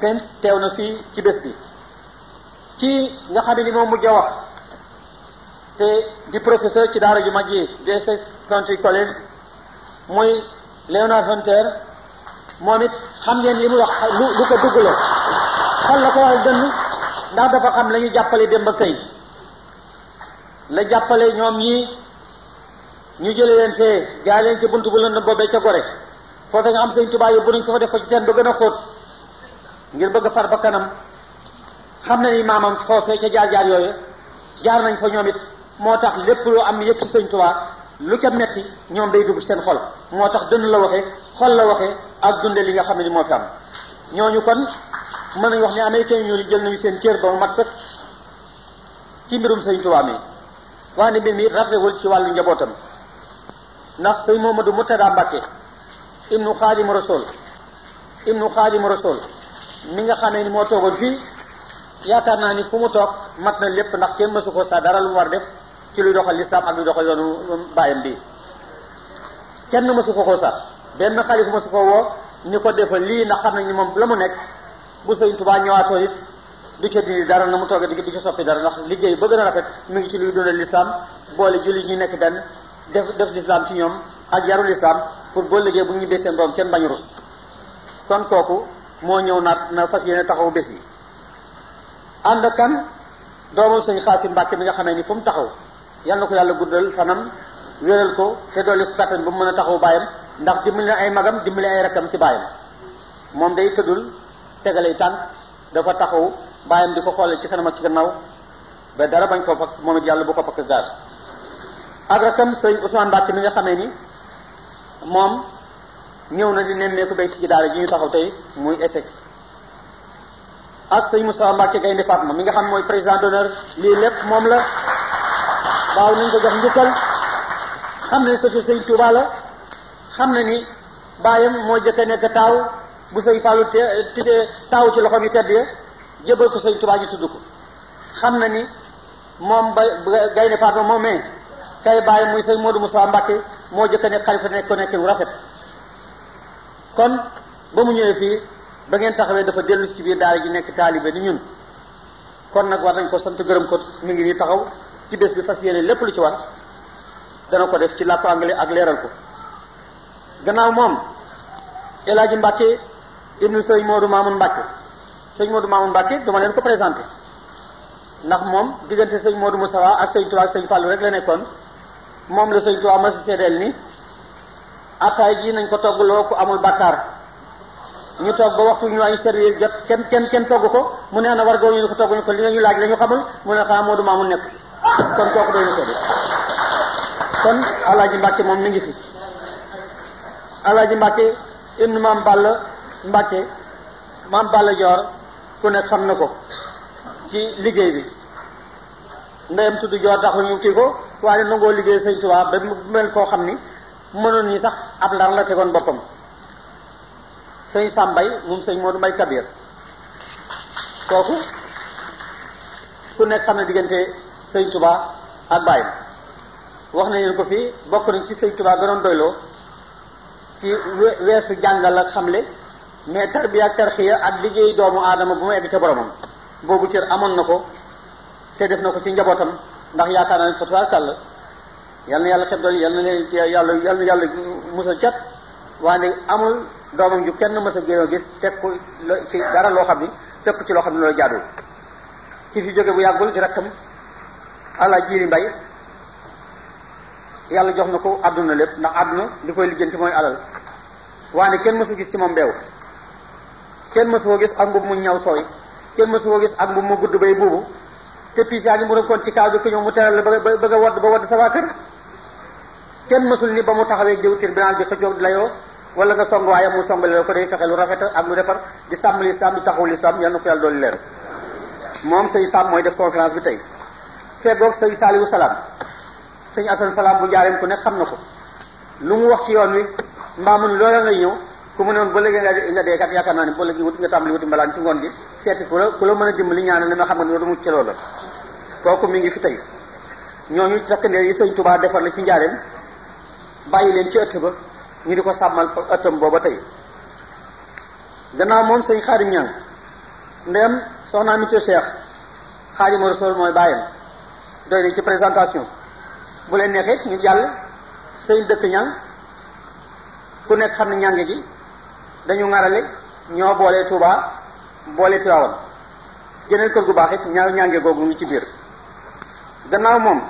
Pence teew na fii ci bés bi ci nga xamee ni moom mujj a wax te di professeur ci daara ju mag yi DSS Country College muy Léonard Hunter moom it xam ngeen li mu wax lu lu ko dugg la xol la ko wax dënn ndax dafa xam la jàppale démb ak tey la jàppale ñoom ñi ñu jële leen fee gaa leen ci bunt bu lëndëm boobee ca gore foofe nga am sëñ Tuubaa yóbbu nañ ko fa def ko ci teen ba gën a xóot ngir bëgg far ba kanam xam na ni maamam foofee ca jaar jaar yooyu jaar nañ fa ñoom it moo tax lépp loo am yëpp ci sëñ lu ca metti ñoom day dugg seen xol moo tax dënn la waxe xol la waxee ak dunde li nga xam ne moo fi am ñooñu kon mën nañu wax ne américain yi ñooñu jël nañu seen cër ba mu mat sëkk ci mbirum sëñ Tuubaa mi wax ne mbir mi rafetewul ci wàllu njabootam ndax sëñ Momadou Moutada Mbacke ibnu Xaadim Rasul ibnu Xaadim Rasul mi nga xamee ni moo toogoon fii yaakaar naa ni fu mu toog mat na lépp ndax kenn mësu ko saa dara lu mu war def ci luy doxal lislaam ak luy doxal yoonu bàyyam bi kenn mësu ko ko sax benn xalif mësu ko woo ni ko defal lii ndax xam nañ ni moom la mu nekk bu Sëriñ Tuubaa ñëwaatoo it du ca dindi dara na mu toogee du ca soppi dara ndax liggéey ba gën a rafet mu ngi ci luy dundal lislaam boole julli ñu nekk benn def def lislaam ci ñoom ak yaru lislaam pour boo liggéey bu ñu ñibbee seen doom kenn bañu kon kooku moo ñëw naat na fas yéene taxaw bés yi ànd kan doomam sëñ Xaasim Mbàkke mi nga xamee ni fu mu taxaw yal ko yàlla guddal fanam wéral ko te dolli ko kàttan ba mu mën a taxawu baayam ndax dimbali na ay magam dimbali ay rakkam ci baayam moom day tëddul tegalay tànk dafa taxaw baayam di ko xoolal ci kanam ma ci gannaaw ba dara bañ koo fakk moom it yàlla bu ko fakk gaas ak rakkam sëñ Ousmane Mbacke mi nga xamee ni moom ñëw na di nemmeeku béy ci daara ji ñu taxaw tey muy Essex ak sëñ Moustapha Mbacke Gaynde Fatma mi nga xam mooy président d'honneur lii lépp moom la waaw nañ ko jox njukkal xam ne sëtu sëñ Tuuba la xam na ni baayam moo jëkk nekk taaw bu sëñ Fallou te tidee taaw ci loxoom yi tedd ya jébal ko sëñ Tuuba ñu tudd ko xam na ni moom ba Gaynde Fatma moomee kay bàyyi muy sëñ Modou Moussa Mbacké moo jëkk a nekk xalifa nekk ko nekkin wu rafet kon ba mu ñëwee fii ba ngeen taxawee dafa dellu ci biir daal ji nekk taalibe ni ñun kon nag war dañ ko sant gërëm ko mi ngi nii taxaw ci bés bi fas yéene lépp lu ci war dana ko def ci làkku anglais ak leeral ko gannaaw moom El Hadji Mbacke ibnu sëñ Modou Mamoun Mbacke sëñ Modou Mamoun Mbacke dama leen ko présenté ndax moom diggante sëñ Modou Moustapha ak sëñ Touba ak sëñ Fallou rek la nekkoon moom la sëñ Touba ma si seedeel ni attaay ji nañ ko loo ko amul bàkkaar ñu togg ba waxtu ñu añ servir jot kenn kenn kenn togg ko mu ne ana wargoo ñu ko togg ko li nga ñu laaj la xamul mu ne xanaa Modou Mamoun nekk kon kooku doy na seede kon alaaji Mbàkke moom mi ngi fi alaaji Mbàkke ibnu maam Balla Mbàkke maam Balla Joor ku ne xam na ko ci liggéey bi ndeyam tudd Joor taxul ñu kii ko waaye nangoo liggéey sañ Tuubaa ba mu mel koo xam ni mënoon sax ab lar la tegoon boppam sëñ Sàmbay moom sëñ Moodu Mbay Kabir kooku ku nekk xam ne diggante sëñ Tuba ak bàyyam wax nañ leen ko fii bokk nañ ci sëñ tubaa ganoon doyloo ci weesu jàngal ak xamle mais tarbiya ak tarxiya ak liggéey doomu aadama bu mu egg ca boromam boobu cër amoon na ko te def na ko ci njabootam ndax yaakaar naa ne fa tubaarkàlla yal na yàlla xeb dal yal na yàlla yal na yàlla musal cat waaye amul doomam ju kenn mës a génoo gis teg ko ci dara loo xam ni teg ko ci loo xam ne loolu jaadul ki fi jóge bu yàggul ci rakkam ala jiiri mbay yàlla jox na ko àdduna lépp ndax àdduna li koy lijjanti mooy alal waane kenn mësu gis ci moom beew kenn mësu koo gis ak mbubb mu ñaw sooy kenn mësu koo gis ak mbubb mu gudd bay buubu te piisaa ngi mu rënkoon ci kaw bi ku ñëw mu teral la ba bëgg ba wadd sa waa kër kenn mësul ni ba mu taxawee jëw tir binaan bi sa jóg layoo wala nga song waaye mu songale la ko day fexe lu rafet ak lu defar di sàmm lislaam di taxawu lislaam yal na ko yàlla leer moom say sàmm mooy def conférence bi tey feggoog sëñ Saaliwu Salaam sëñ Asan Salaam bu njaareem ku ne xam na ko lu mu wax ci yoon wi mbaa mu ne loola ngay ñëw ku mu ne woon ba léegi nga dee kat yaakaar naa ne ba léegi wut nga tàmbali wuti mbalaan ci ngoon bi seeti ku la ku la mën a dimbali ñaanal li ma xam nga ne dootu mucc ci loola kooku mi ngi fi tey ñooñu takkandeer yi sëñ Tuubaa defar na ci njaareem bàyyi leen ci ëtt ba ñu di ko sàmmal ëttam booba tey gannaaw moom sëñ Xaadim Ñaŋ ndeyam soxnaa mi ci doy nañ ci présentation bu leen neexee ñu jàll seen dëkk ñang ku nekk xam ne ñànge gi dañu ŋarale ñoo boole Touba boole Tivaouane geneen kër gu baax it ñaaw ñànge googu ngi ci biir gannaaw moom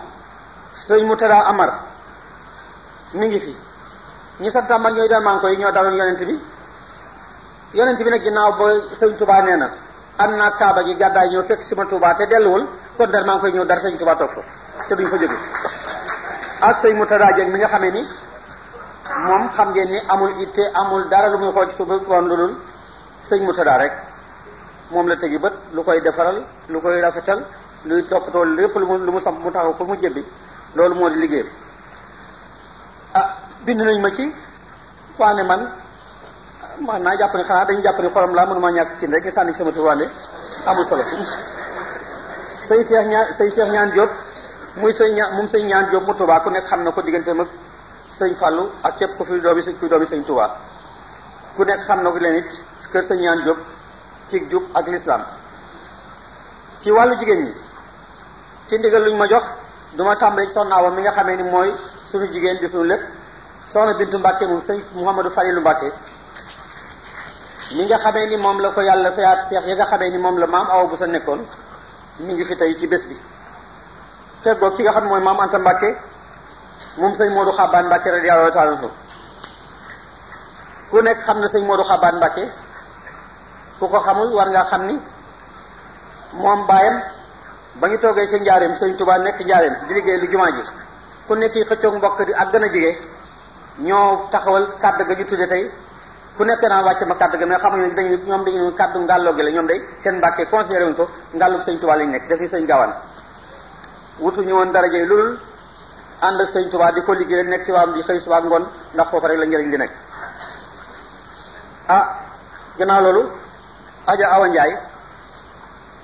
sëñ Murtada Amar mi ngi fi ñi sant Amar ñooy dal manko yi ñoo daloon yonent bi yonent bi nag ginnaaw ba sëñ Touba nee na am naa kaaba gi gàddaay ñoo fekk si ma Touba te delluwul kon dar maa ngi koy ñëw dara Sëriñ Tuubaa toog fa te duñ fa jóge ak sëñ Murtada Dieng mi nga xamee ni moom xam ngeen ni amul itte amul dara lu muy xool ci suba kon lu sëñ Murtada rek moom la tegi bët lu koy defaral lu koy rafetal luy toppatoo lépp lu mu lu mu samp mu taxaw ko mu jëbbi loolu moo di liggéeyam ah bind nañ ma ci waa ne man man naa jàpp ne xanaa dañu jàpp ne xolam laa mënuma ñàkk ci rek nga sànni sama tubaande amul solo sëñ Cheikh ñaan sëñ Cheikh ñaan Diop muy sëñ ñaan moom sëñ ñaan Diop mu Touba ku nekk xam na ko diggante mag sëñ Fallou ak képp ku fi doomi kuy doomi sëñ Touba ku nekk xam na ko leen it kër sëñ ñaan Diop ci jub ak l'islam ci wàllu jigéen ñi ci ndigal luñ ma jox duma tàmbali soxna Awa mi nga xamee ni mooy suñu jigéen di suñu lépp soxna Bintu Mbàkke moom sëñ Mouhamadou lu Mbàkke mi nga xamee ni moom la ko yàlla fayaat seex yi nga xamee ni moom la maam awa bu sa nekkoon mi ngi fi tey ci bés bi feggoog ki nga xam mooy maam Anta Mbàkke moom sëñ Modou Xabaan Mbàkke radiyallahu taala anhu ku nekk xam na sëñ Modou Xabaan Mbàkke ku ko xamul war nga xam ni moom baayam ba ñu toogee ca njaareem sëñ Tuubaa nekk njaareem di liggéey lu jumaa ji ku nekk yi mbokk di ak gën a jege ñoo taxawal kàdd ga ñu tudde ku nekk naa wàcce ma kàddu gi mais xamuñu ne dañu ñoom dañu kàddu ngàlloo gi la ñoom day seen mbàkkee considéré wuñ ko ngàllug sëñ Tuubaa lañu nekk dafi sëñ gawan wutuñu woon daraje yi loolu ànd ak sëñ di ko liggéey nekk ci waam di xëy suba ndax foofu rek la njëriñ li nekk ah gannaaw loolu aja Njaay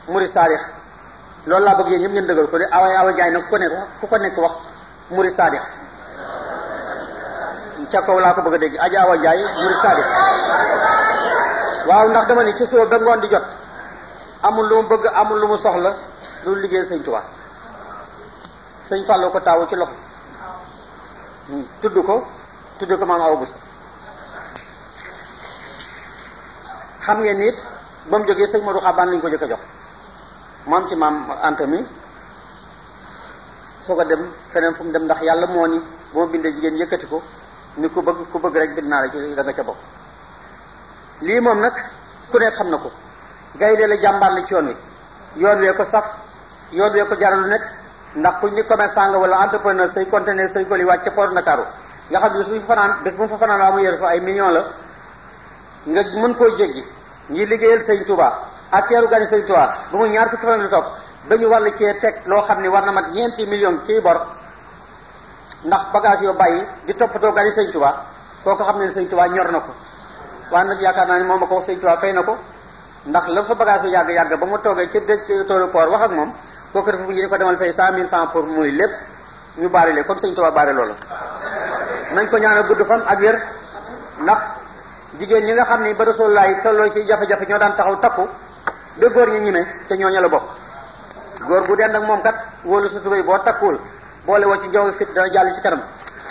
murid saadix loolu laa bëgg yéen ñëpp ngeen dëggal ko de awa awa Njaay nag ku ko nekk ku ko nekk wax murid saadix ca kaw laa ko bëgg a dégg Adja Awa Ndiaye murid saadiq waaw ndax dama ni ci suba ba ngoon di jot amul lu mu bëgg amul lu mu soxla lu liggéey sëñ Tuubaa sëñ Fallou ko taawu ci loxo hmm, tudd ko tudd ko maam Awa xam ngeen nit ba mu jógee sëñ Modou Xabaan lañ ko jëkk jox maam ci maam Anta mi soo ko dem feneen fu mu dem ndax yàlla moo ni bu ma bindee jigéen yëkkati ko ni ku bëgg ku bëgg rek bind naa la ci da nga ca bokk lii moom nag ku nekk xam na ko gaynde la jàmbaar la ci yoon wi yoon wee ko saf yoon wee ko jaral lu nekk ndax kuñ ni commerçant nga wala entrepreneur say conteneur say colis wàcc ca port Ndakaaru nga xam ne bés bu ñu fanaan bés bu fanaan waa mu yore fa ay million la nga mën koo jéggi ngi liggéeyal sëñ Touba ak teeru gani sëñ Touba ba mu ñaar fukki fan lu topp ñu war la cee teg loo xam ne war na mat ñeenti millions ciy bor ndax bagage yoo bàyyi di toppatoo gani sëñ koo ko xam ne sëñ Tuba ñor na ko waaye nag yaakaar naa ne moom ma ko wax sëñ Tuba fay na ko ndax la fa bagage bu yàgg yàgg ba ma toogee ca dëj toolu koor wax ak moom kooku dafa mujj di ko demal fay cent mille francs pour muy lépp ñu baare leen sañ sëñ Tuba baare loolu nañ ko ñaanal gudd fan ak wér ndax jigéen ñi nga xam ne ba Rasulullah tolloo ci jafe-jafe ñoo daan taxaw takku ba góor ñi ñu ne te ñooñu la bokk góor bu den ak moom kat woo sa tubéy boo takkuwul boole woo ci njoogi fit dana jàll ci kanam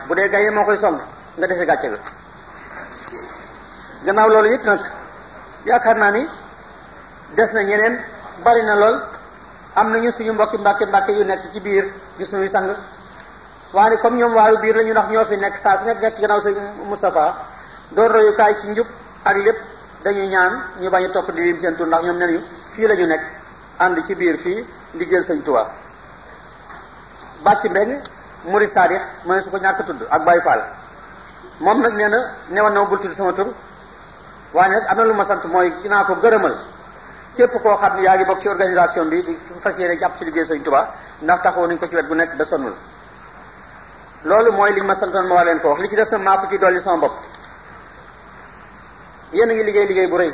bu dee gaynde moo koy song nga dese gàcce ga gannaaw loolu it nag yaakaar naa ni des na ñeneen bari na lool am nañu suñu mbokki mbàkke mbàkke yu nekk ci biir gis nañu sang waaye comme ñoom waayu biir la ñu ndax ñoo fi nekk saa su nekk nekk gannaaw sëñ Moustapha doon royukaay ci njub ak lépp dañuy ñaan ñu bañ a topp di lim seen tur ndax ñoom nee fii la ñu nekk ànd ci biir fii liggéeyal sëñ Tuubaa bàcc mbeng murid saadix mu ne su ko ñàkk tudd ak Baye Fall moom nag nee na newoon na ma bul tudd sama tur waaye nag am na lu ma sant mooy dinaa ko gërëmal képp koo xam ne yaa ngi bokk ci organisation bi di fas yéene ci liggéey Sëriñ Tuubaa ndax taxaw nañ ko bu nekk ba loolu mooy liñ ma santoon ma war li ci des na maa ko ci dolli a ngi liggéey liggéey bu rëy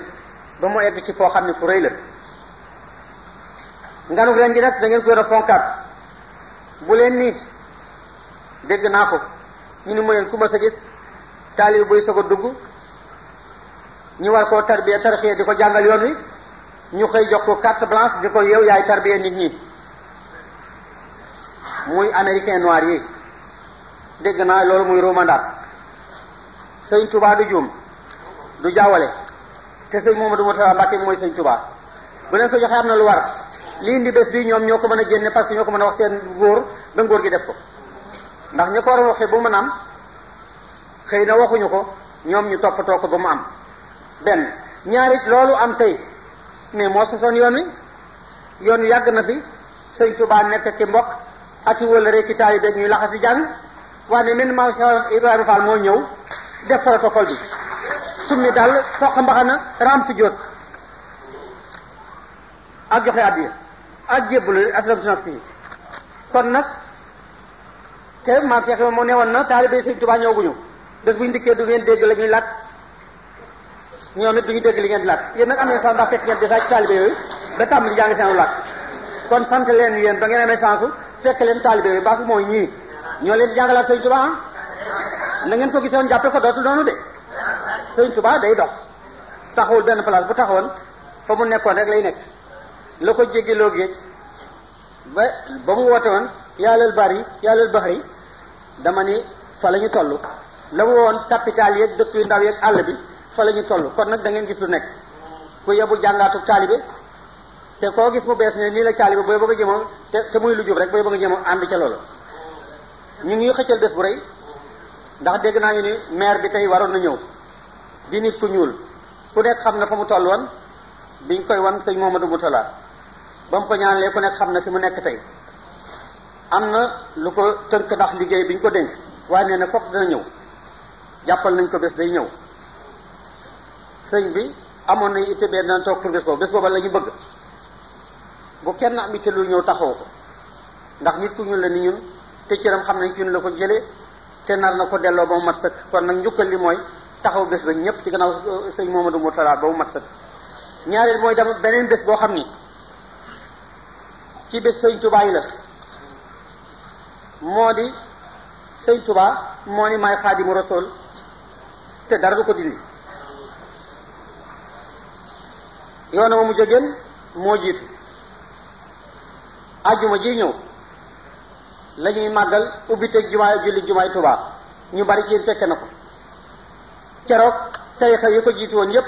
ba mu egg ci foo xam ne fu rëy la nganu ren gi nag da ngeen ko bu leen nii dégg naa ko ñu ni ma leen ku ma sa gis taalibe buy soog a dugg ñu war koo tarbiya tarxiya di ko jàngal yoon wi ñu xëy jox ko carte blanche di ko yow yaay tarbiya nit ñi muy américain noir yi dégg naa loolu muy romandaat sëñ Tuubaa du juum du jaawale te sëñ Momadou Moussa Mbacke mooy sëñ Tuubaa bu leen ko joxee am na lu war li indi bés bi ñoom ñoo ko mën a génne parce que ñoo ko mën a wax seen góor ba góor gi def ko ndax ñu ko war a waxee bu mën am xëy na waxuñu ko ñoom ñu toppatoo ko ba mu am benn ñaari loolu am tey mais moo sosoon yoon wi yoon wi yàgg na fi sëñ Tuubaa nekk ki mbokk ak i wala rek ci taalibe ñuy laxa si jàng waaye ne man maam Cheikh Ibrahima moo ñëw def protocole bi summi dal foq mbaxana ramp jóot ak joxe addiya ak jébbalu aslamtu nafsi kon nag te maam Cheikh moom ne woon na taalibe Sëriñ Tuubaa ñëwaguñu bés bu ñu dikkee du ngeen dégg la ñuy làkk ñoom it du ñu dégg li ngeen di làkk yéen nag am ngeen chance ndax fekk ngeen déjà ci taalibe yooyu ba tàmbali jàng seenu làkk kon sant leen yéen ba ngeen amee chance fekk leen taalibe yooyu baax mooy ñii ñoo leen di jàngalaat Sëriñ Tuubaa na ngeen ko gisoon jàppe ko dootul noonu de Sëriñ Tuubaa day dox taxawul benn place bu taxawoon fa mu nekkoon rek lay nekk. loo ko jéggeloo géej ba ba mu woote woon yàllal bari yàllal baxri dama ni fa la ñu toll la mu woon capital yeeg dëkk yu ndaw yeeg àll bi fa la ñu toll kon nag da ngeen gis lu nekk ku yebu jàngaatu taalibe te koo gis mu bees ne nii la taalibe booy bëgg a jëmoo te te muy lu jub rek booy ba a jëmoo ànd ca loolu ñu ngi xëccal bés bu rëy ndax dégg naa ñu ni maire bi tey waroon na ñëw di nit ku ñuul ku nekk xam na fa mu toll woon biñ koy wan sëñ Momadou Moutala ba mu ko ñaanalee ku nekk xam na fi mu nekk tey am na lu ko tënk ndax liggéey bi ñu ko dénk waaye nee na foog dana ñëw jàppal nañ ko bés day ñëw sëñ bi amoon nañu itte bee dana toog pour bés boobu bés booba la ñu bëgg bu kenn am itte lu ñëw taxaw ko ndax nit ku ñun la ni ñun te cëram xam nañ ci ñun la ko jëlee te nar na ko delloo ba mu mat sëkk kon nag njukkal li mooy taxaw bés ba ñëpp ci gannaaw sëñ Momadou Mourtala ba mu mat sëkk ñaareel mooy dama beneen bés boo xam ni ci bés sëñ tubaa yi la moo di sëñ tubaa moo ni maay xaadimu rasool te dara du ko dindi yoona ma mu jógeen moo jiitu ajjuma ji ñëw la ñuy màggal ubbi teg jumaay julli jumaay tubaa ñu bari ci fekke na ko keroog tarixa yi ko jiitu woon yépp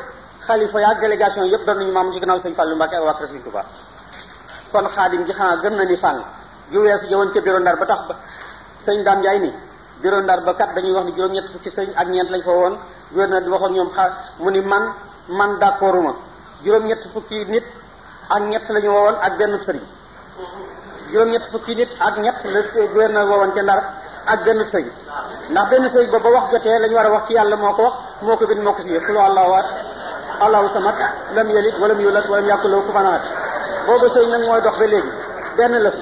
xalifa yaak délégation yépp doon nañu maam ci gannaaw sëñ Fallou Mbacke ak waa kër sëñ tubaa kon xaadim gi xanaa gën na ni fànn ju weesu jëwoon ca bureau ndar ba tax ba sëñ daam jaay ni bureau ndar ba kat dañuy wax ni juróom-ñett fukki sëñ ak ñeent lañ fa woon gouverneur di waxoon ñoom xaa mu ni man man d'accorduma juróom-ñett fukki nit ak ñett la ñu woowoon ak benn sëriñ juróom-ñett fukki nit ak ñett la gouverneur woowoon ca ndar ak benn sëriñ ndax benn sëriñ ba ba wax jotee la ñu war a wax ci yàlla moo ko wax moo ko bind moo ko siyee xulu allahu allahu samat lam yelit walam yulat walam yàkku law kufanawat booba sëy nag mooy dox ba léegi benn la fi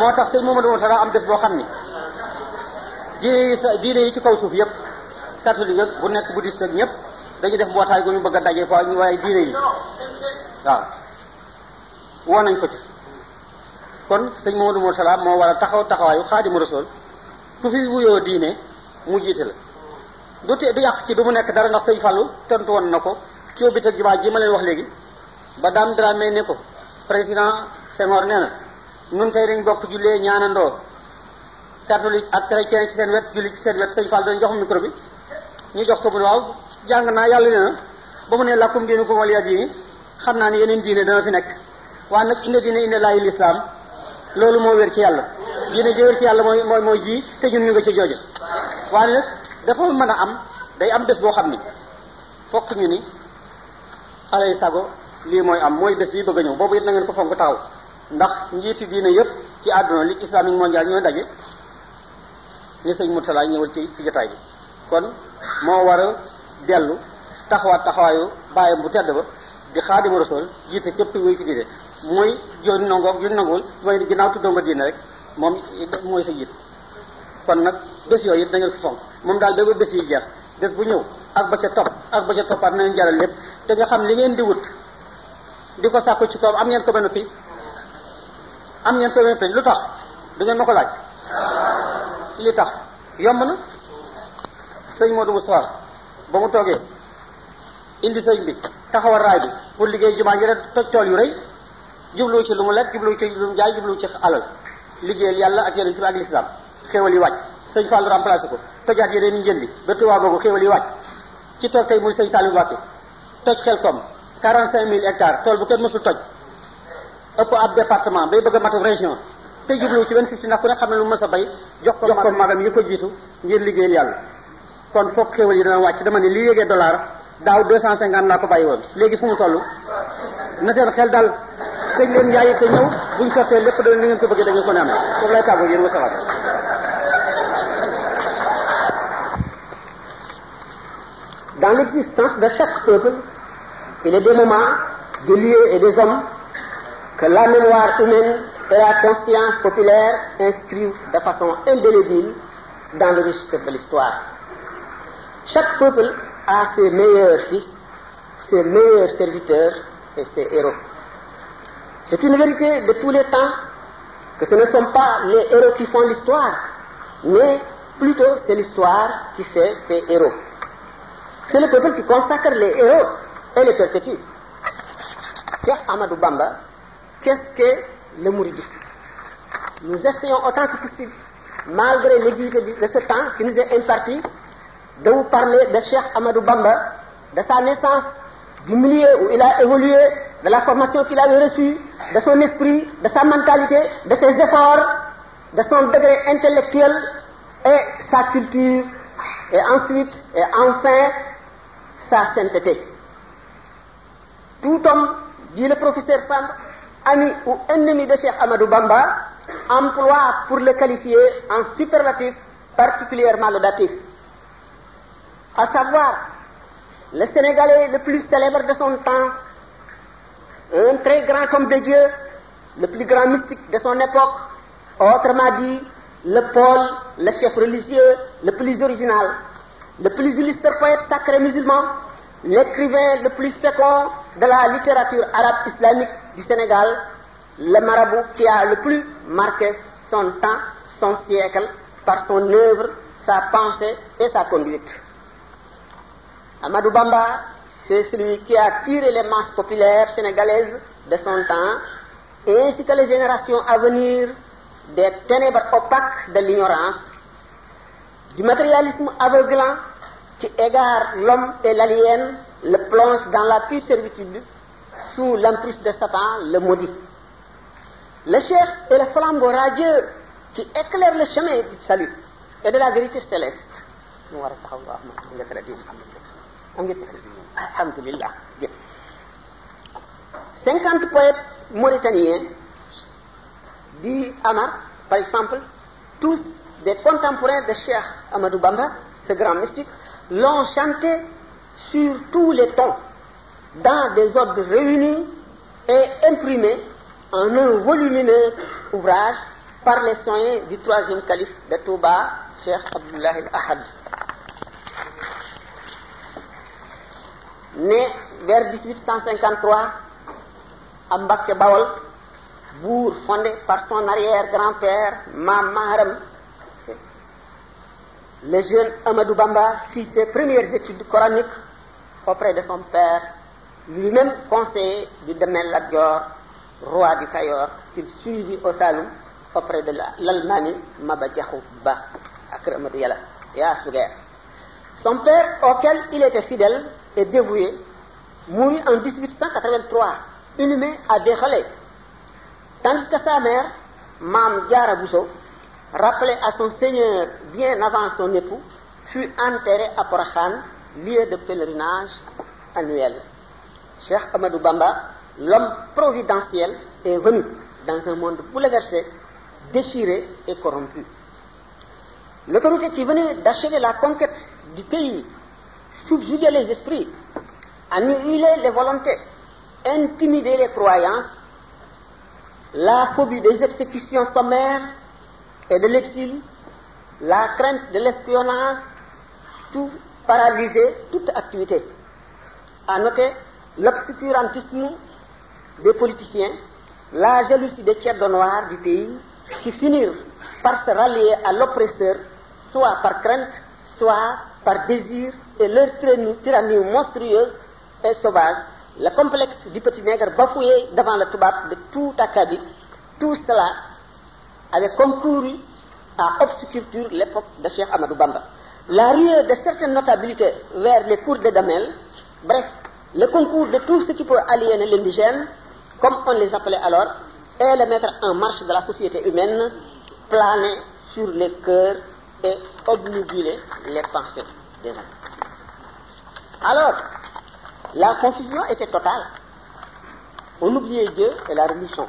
moo tax sëñ Mamadou Moustapha am bés boo xam ni diine yi sa diine yi ci kaw suuf yëpp catholique ak bu nekk bouddhiste ak ñëpp dañu def mbootaay gu ñu bëgg a daje fa waaye diine yi waaw woo nañ ko ci kon sëñ Mamadou Moustapha moo war a taxaw taxawaayu xaadimu rasul ku fi wuyoo diine mu jiite la du te du yàq ci bi mu nekk dara ndax sëñ Fallou tontu woon na ko ci ubbi teg jumaa ji ma leen wax léegi ba daam dramee ne ko président Senghor nee na ñun tey dañ bokk jullee ñaanandoo catholique ak chrétien ci seen wet jullit ci seen wet sëñ Fall dañ jox micro bi ñu jox ko mu waaw jàng naa yàlla nee na ba mu ne làkkum diinu ko waliya diini xam naa ne yeneen diine dana fi nekk waaye nag indi diine indi laayi lislaam loolu moo wér ci yàlla diine ji wér ci yàlla mooy mooy mooy ji te ñun ñu nga ci jooje waaye nag dafa mën a am day am bés boo xam ni fokk ñu ni alay sago lii mooy am mooy bés bi bëgg a ñëw boobu it na ngeen ko fonk taxaw ndax njiiti diine yépp ci àdduna li islamique mondial ñooy daje li sëñ Murtala ñëwal ci ci jotaay bi kon moo war a dellu taxawaat taxawaayu bàyyam bu tedd ba di xaadimu rasul jiite képp kuy wéy ci diine mooy jooju nangoog jooju nanguwul mooy ginnaaw tuddoo nga diine rek moom mooy sa jiit kon nag bés yooy it da ngeen ko moom daal ba bés yi jeex bés bu ñëw ak ba ca topp ak ba ca toppaat nañu jaral xam li ngeen di di ko sàkku ci koom am ngeen ko ba noppi am neen ko ba noppi lu tax da ngeen ma ko laaj li tax yomb na sëñ Modou Moustapha ba mu toogee indi sëñ bi taxawal raay bi pour liggéey jumaa ji rek toj tool yu rëy jubluwu ci lu mu lekk jubluwu ci lu mu jaay jubluwu ci alal liggéeyal yàlla ak yeneen ci ak lislaam xéewal yi wàcc sëñ Fallou remplacé ko tojaat yeneen yi njëndi ba tubaab boobu xéewal yi wàcc ci toog tey muy sëñ Saliou Mbacké toj xel koom 45 mille hectares tool bu kenn mësul toj ëpp ab département bay bëgg a matu région te jubluwu ci benn fii ci ndax ku ne xam ne lu ma a bay jox ko jox ko magam yi ko jiitu ngir liggéeyal yàlla kon foog xéwal yi dana wàcc dama ne li yéegee dollar daaw 250 laa ko bàyyi woon léegi fu mu toll na seen xel dal dañ leen njaayi te ñëw buñ sottee lépp da li ngeen ko bëggee da ko ne amee foofu lay tàggoo yéen wasalaam Dans l'existence de chaque peuple il est des moments des lieux et des hommes que la mémoire humaine et la conscience populaire inscrivent de façon indélébile dans le registre de l'histoire. Chaque peuple a ses meilleurs fils, ses meilleurs serviteurs et ses héros. C'est une vérité de tous les temps que ce ne sont pas les héros qui font l'histoire, mais plutôt c'est l'histoire qui fait ses héros. C'est le peuple qui consacre les héros elle que ci Cheikh Amadou Bamba qu'est-ce que le mouridisme nous essayons autant que malgré l'exiguïté de ce temps qui nous est imparti de vous parler de Cheikh Amadou Bamba de sa naissance du milieu où il a évolué de la formation qu'il avait reçue de son esprit de sa mentalité de ses efforts de son degré intellectuel et sa culture et ensuite et enfin sa sainteté tout homme, dit le professeur Pam, ami ou ennemi de Cheikh Amadou Bamba, emploie pour le qualifier en superlatif particulièrement le datif. À savoir, le Sénégalais le plus célèbre de son temps, un très grand homme de Dieu, le plus grand mystique de son époque, autrement dit, le pôle, le chef religieux, le plus original, le plus illustre poète sacré musulman, l'écrivain le plus fécond de la littérature arabe islamique du Sénégal, le marabout qui a le plus marqué son temps, son siècle, par son œuvre, sa pensée et sa conduite. Amadou Bamba, c'est celui qui a tiré les masses populaires sénégalaises de son temps, ainsi que les générations à venir des ténèbres opaques de l'ignorance, du matérialisme qui égare l'homme et l'aliène, le plonge dans la pure servitude sous l'emprise de Satan, le maudit. Le chef est le flambeau radieux qui éclaire le chemin et de la vérité céleste. poètes mauritaniens, dit Amar, par exemple, tous des contemporains de Cheikh Amadou Bamba, ce grand mystique, l'ont chanté sur tous les tons, dans des ordres réunis et imprimés en un volumineux ouvrage par les soins du troisième calife de Touba, Cheikh Abdullah ahad Né vers 1853 à bourg fondé par son arrière-grand-père Mam Maharam le jeune Amadou Bamba fit ses premières études coraniques auprès de son père, lui-même conseiller du Damel Lat roi du Cayor, qu'il suivit au Saloum auprès de l'Almani Maba Ba, Akramadou Yala, et à Son père, auquel il était fidèle et dévoué, mourut en 1883, inhumé à Béchalé, tandis que sa mère, Mam Diara rappelé à son Seigneur bien avant son époux, fut enterré à Porokhan, lieu de pèlerinage annuel. Cheikh Amadou Bamba, l'homme providentiel, est venu dans un monde bouleversé, déchiré et corrompu. L'autorité qui venait d'achever la conquête du pays, subjuguer les esprits, annuler les volontés, intimider les croyances, la phobie des exécutions sommaires et de l'exil, la crainte de l'espionnage, tout paralysé toute activité. À noter l'obscurantisme des politiciens, la jalousie des tiers noirs du pays qui finirent par se rallier à l'oppresseur, soit par crainte, soit par désir et leur tyrannie monstrueuse et sauvage, le complexe du petit nègre bafoué devant le toubab de tout Akabi, tout cela avait concouru à obscurcir l'époque de Cheikh Amadou Bamba. La ruée de certaines notabilités vers les cours de Damel, bref, le concours de tout ce qui peut aliéner l'indigène, comme on les appelait alors, et le mettre en marche de la société humaine, planer sur les cœurs et obnubiler les pensées des hommes. Alors, la confusion était totale. On oubliait Dieu et la religion.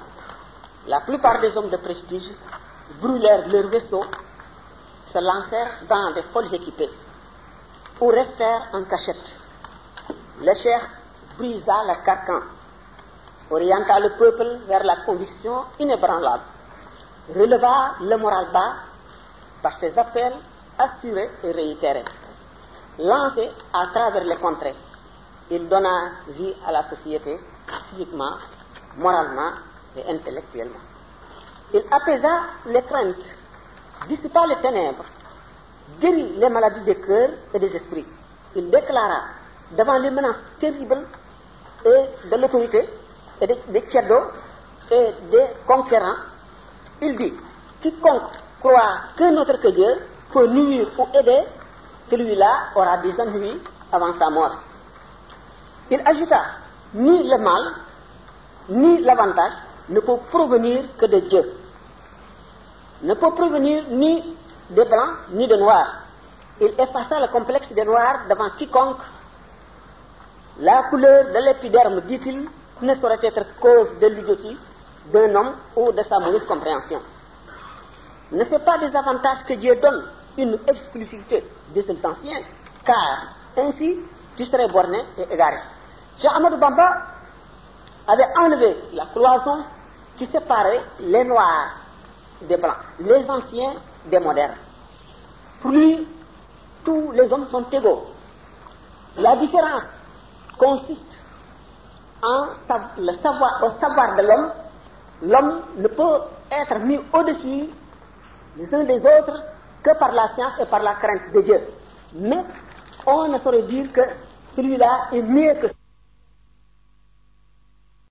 La plupart des hommes de prestige brûlèrent leurs vaisseaux, se lancèrent dans des folles équipées, ou restèrent en cachette. Le cher brisa le carcan, orienta le peuple vers la conviction inébranlable, releva le moral bas par ses appels assurés et réitérés. Lancé à travers les contrées, il donna vie à la société physiquement, moralement et intellectuellement. Il apaisa les craintes, dissipa les ténèbres, guérit les maladies des cœurs et des esprits. Il déclara devant les menaces terribles et de l'autorité et des, des et des conquérants, il dit, quiconque croit qu'un autre que Dieu peut nuire ou aider, celui-là aura des ennuis avant sa mort. Il ajouta, ni le mal, ni l'avantage ne peut provenir que de Dieu. ne peut provenir ni des blancs ni des noirs. Il effaça le complexe des noirs devant quiconque. La couleur de l'épiderme, dit-il, ne saurait être cause de l'idiotie d'un homme ou de sa mauvaise compréhension. Ne fait pas des avantages que Dieu donne une exclusivité de cet ancien, car ainsi tu serais borné et égaré. Jean Bamba avait enlevé la cloison qui séparait les noirs des blancs, les anciens des modernes. Pour tous les hommes sont égaux. La différence consiste en le savoir, au savoir de l'homme. L'homme ne peut être mis au-dessus les uns des autres que par la science et par la crainte de Dieu. Mais on ne saurait dire que celui-là est mieux